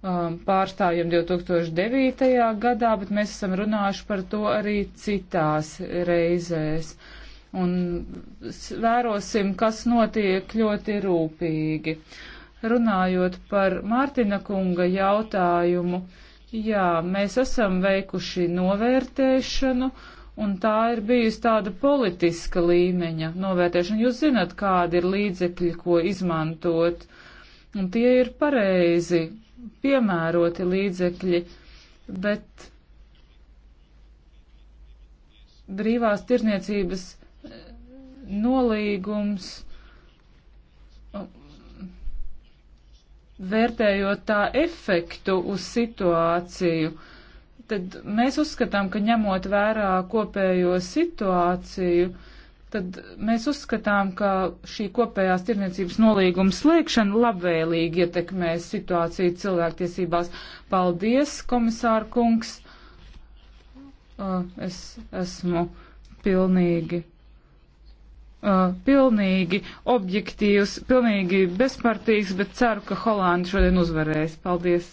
um, pārstāvjiem 2009. gadā, bet mēs esam runājuši par to arī citās reizēs. Un vērosim, kas notiek ļoti rūpīgi. Runājot par Mārtiņa kunga jautājumu, jā, mēs esam veikuši novērtēšanu, un tā ir bijusi tāda politiska līmeņa novērtēšana. Jūs zinat, kādi ir līdzekļi, ko izmantot, un tie ir pareizi piemēroti līdzekļi, bet brīvās tirniecības eh, nolīgums, vērtējot tā efektu uz situāciju, tad mēs uzskatām, ka ņemot vērā kopējo situāciju, uh, tad mēs uzskatām, ka šī kopējās tirniecības nolīguma slēgšana labvēlīgi ietekmēs situāciju cilvēktiesībās. Paldies, komisāra kungs! Uh, es esmu pilnīgi, uh, pilnīgi objektīvs, pilnīgi bezpartīgs, bet ceru, ka Holanda šodien uzvarēs. Paldies!